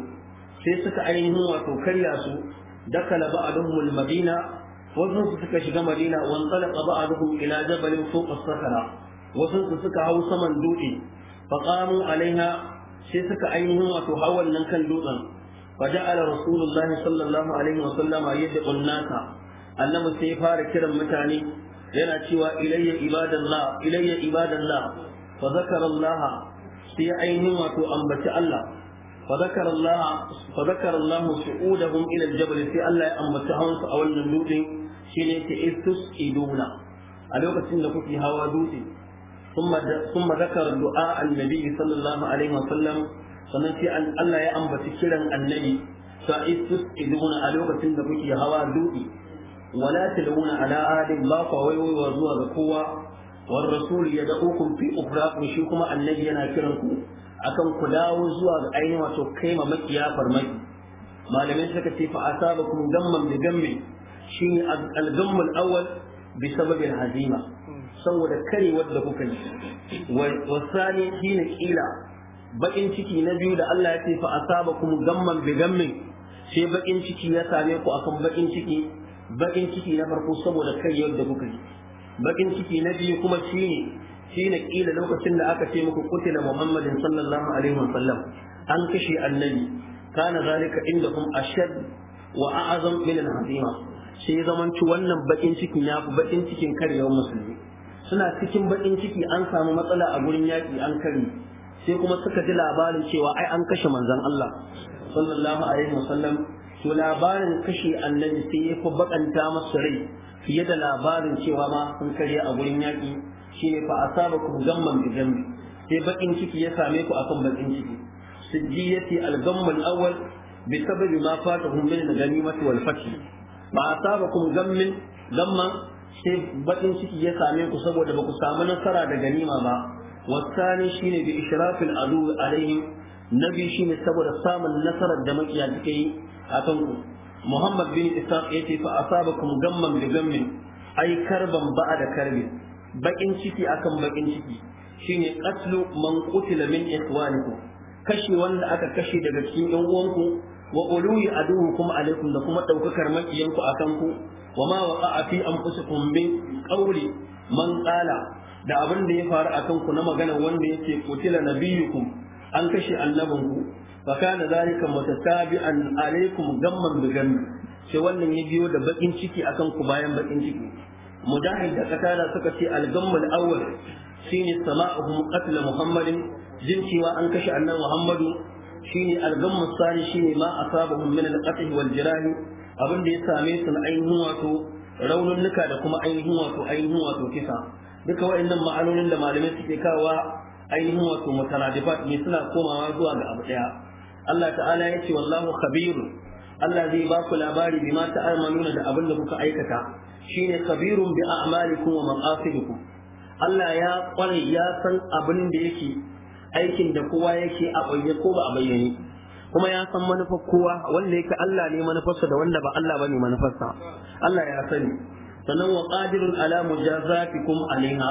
sai suka ainihin wato karya su dakala ba'aduhum al-madina wasu su suka shiga madina wa talaqa ba'aduhum ila jabalin fawqa sakara wasu su suka hau saman dutse fa qamu sai suka ainihin wato hawan nan kan dutsen فجعل رسول الله صلى الله عليه وسلم يدعو الناس annabi sai ya fara kiran mutane yana cewa ilayya ibadallah ilayya ibadallah fa zakara Allah sai ainihin wato ambaci Allah fa zakara Allah fa zakara Allah su'udahum sai Allah ya ambaci hawansu a wannan dutsen shine ta istusqiduna a lokacin da kuke hawa dutse ثم ذكر دعاء النبي sallallahu alaihi عليه sannan sai Allah ya ambaci kiran annabi sa iluna a lokacin da kuke hawa dubi wala taluna ala a ba fa waiwaiwa zuwa ga kowa war rasul ya da'ukum fi ufraqin shi kuma annabi yana kiran ku akan ku dawo zuwa ga ainihin wato kaima makiya farmaki malamai suka ce fa asabakum gamman bi gammi shine al-gamm al-awwal bi sababin hazima saboda kare da kuka yi wasani ne kila bakin ciki na biyu da Allah ya ce fa asaba kuma gamman bi gammin sai bakin ciki ya same ku akan bakin ciki bakin ciki na farko saboda kai yadda kuka yi bakin ciki na biyu kuma shine shine kila lokacin da aka ce muku kutila Muhammadin sallallahu alaihi wasallam an kashe annabi kana zalika indakum ashad wa a'azam min al-hazima sai zamanci wannan bakin cikin ya fi bakin cikin karyewar musulmi suna cikin bakin ciki an samu matsala a gurin yaƙi an karye. sai kuma suka ji labarin cewa ai an kashe manzon Allah sallallahu alaihi wasallam to labarin kashe annabi sai ya fi bakanta masa rai fiye da labarin cewa ma sun karya a gurin yaƙi shine fa asabakum gamman bi jambi sai bakin ciki ya same ku akan bakin ciki sijjiyati al-gamm awwal bi sababi ma fatahum min al-ghanimati wal fath ba asabakum gammin gamman sai bakin ciki ya same ku saboda ba ku samu nasara da ganima ba والثاني شيني بإشراف العدو عليهم نبي شيني سبب سام النصر الدمك يلتقي أتنكم محمد بن إسحاق يتي فأصابكم غما بغم أي كربا بعد كرب بقين شكي أكم بقين شكي شيني قتل من قتل من إخوانكم كشي وان أكا كشي دقشين يوانكم وأولوي عدوكم عليكم لكم توككر مكيانكم أكمكم وما وقع في أنفسكم من قول من قال da abin da ya faru a kanku na maganar wanda yake kutila nabiyukum an kashe annabinku fa kana zalika mutatabi'an alaikum gamman bi sai wannan ya biyo da bakin ciki a kanku bayan bakin ciki mujahid da katara suka ce al-gammul awwal shine sama'uhum qatl muhammadin jin cewa an kashe annabi muhammadu shine al sani shine ma a min al-qatl wal jirahi abin da ya same su na ainihin wato da kuma ainihin wato ainihin wato kisa duka waɗannan ma'anonin da malamai suke kawa ainihin wato mutaradifat ne suna komawa zuwa ga abu daya Allah ta'ala ya ce wallahu Kabiru. Allah zai ba ku labari bima ta'amaluna da abin da kuka aikata shine khabirun bi a'malikum wa maqasidikum Allah ya kware ya san abin da yake aikin da kowa yake a bayyane ko ba a bayyane kuma ya san manufar kowa wanda yake Allah ne manufarsa da wanda ba Allah bane manufarsa Allah ya sani sannan wa qadirun ala mujazatikum alaiha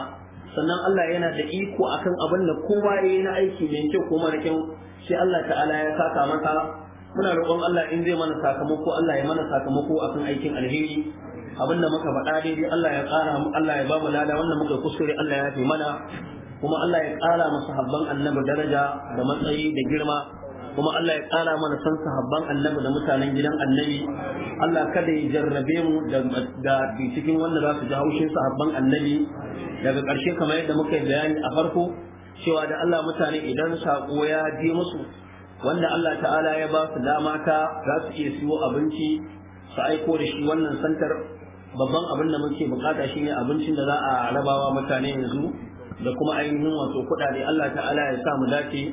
sannan Allah yana da iko akan abin da kowa yayi na aiki mai kyau ko mara kyau shi Allah ta'ala ya saka masa muna roƙon Allah in zai mana sakamako Allah ya mana sakamako akan aikin alheri abin da muka faɗa daidai Allah ya ƙara Allah ya ba mu lada wannan muka kuskure Allah ya fi mana kuma Allah ya ƙara masa habban annabi daraja da matsayi da girma kuma Allah ya kara mana san sahabban annabi da mutanen gidan annabi Allah kada ya jarrabe mu da cikin wanda za su ji haushin sahabban annabi daga ƙarshe kamar yadda muka yi bayani a farko cewa da Allah mutane idan saƙo ya je musu wanda Allah ta'ala ya ba su dama ta za su iya siyo abinci su aiko da shi wannan santar babban abin da muke bukata shine abincin da za a rabawa mutane yanzu da kuma ainihin wato kuɗaɗe Allah ta'ala ya sa mu dace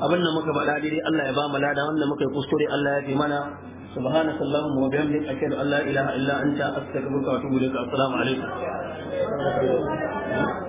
abin da muka faɗa daidai Allah ya ba mu lada wanda muka yi kuskure Allah ya fi mana سبحانك اللهم وبحمدك أشهد أن لا إله إلا أنت أستغفرك وأتوب إليك السلام عليكم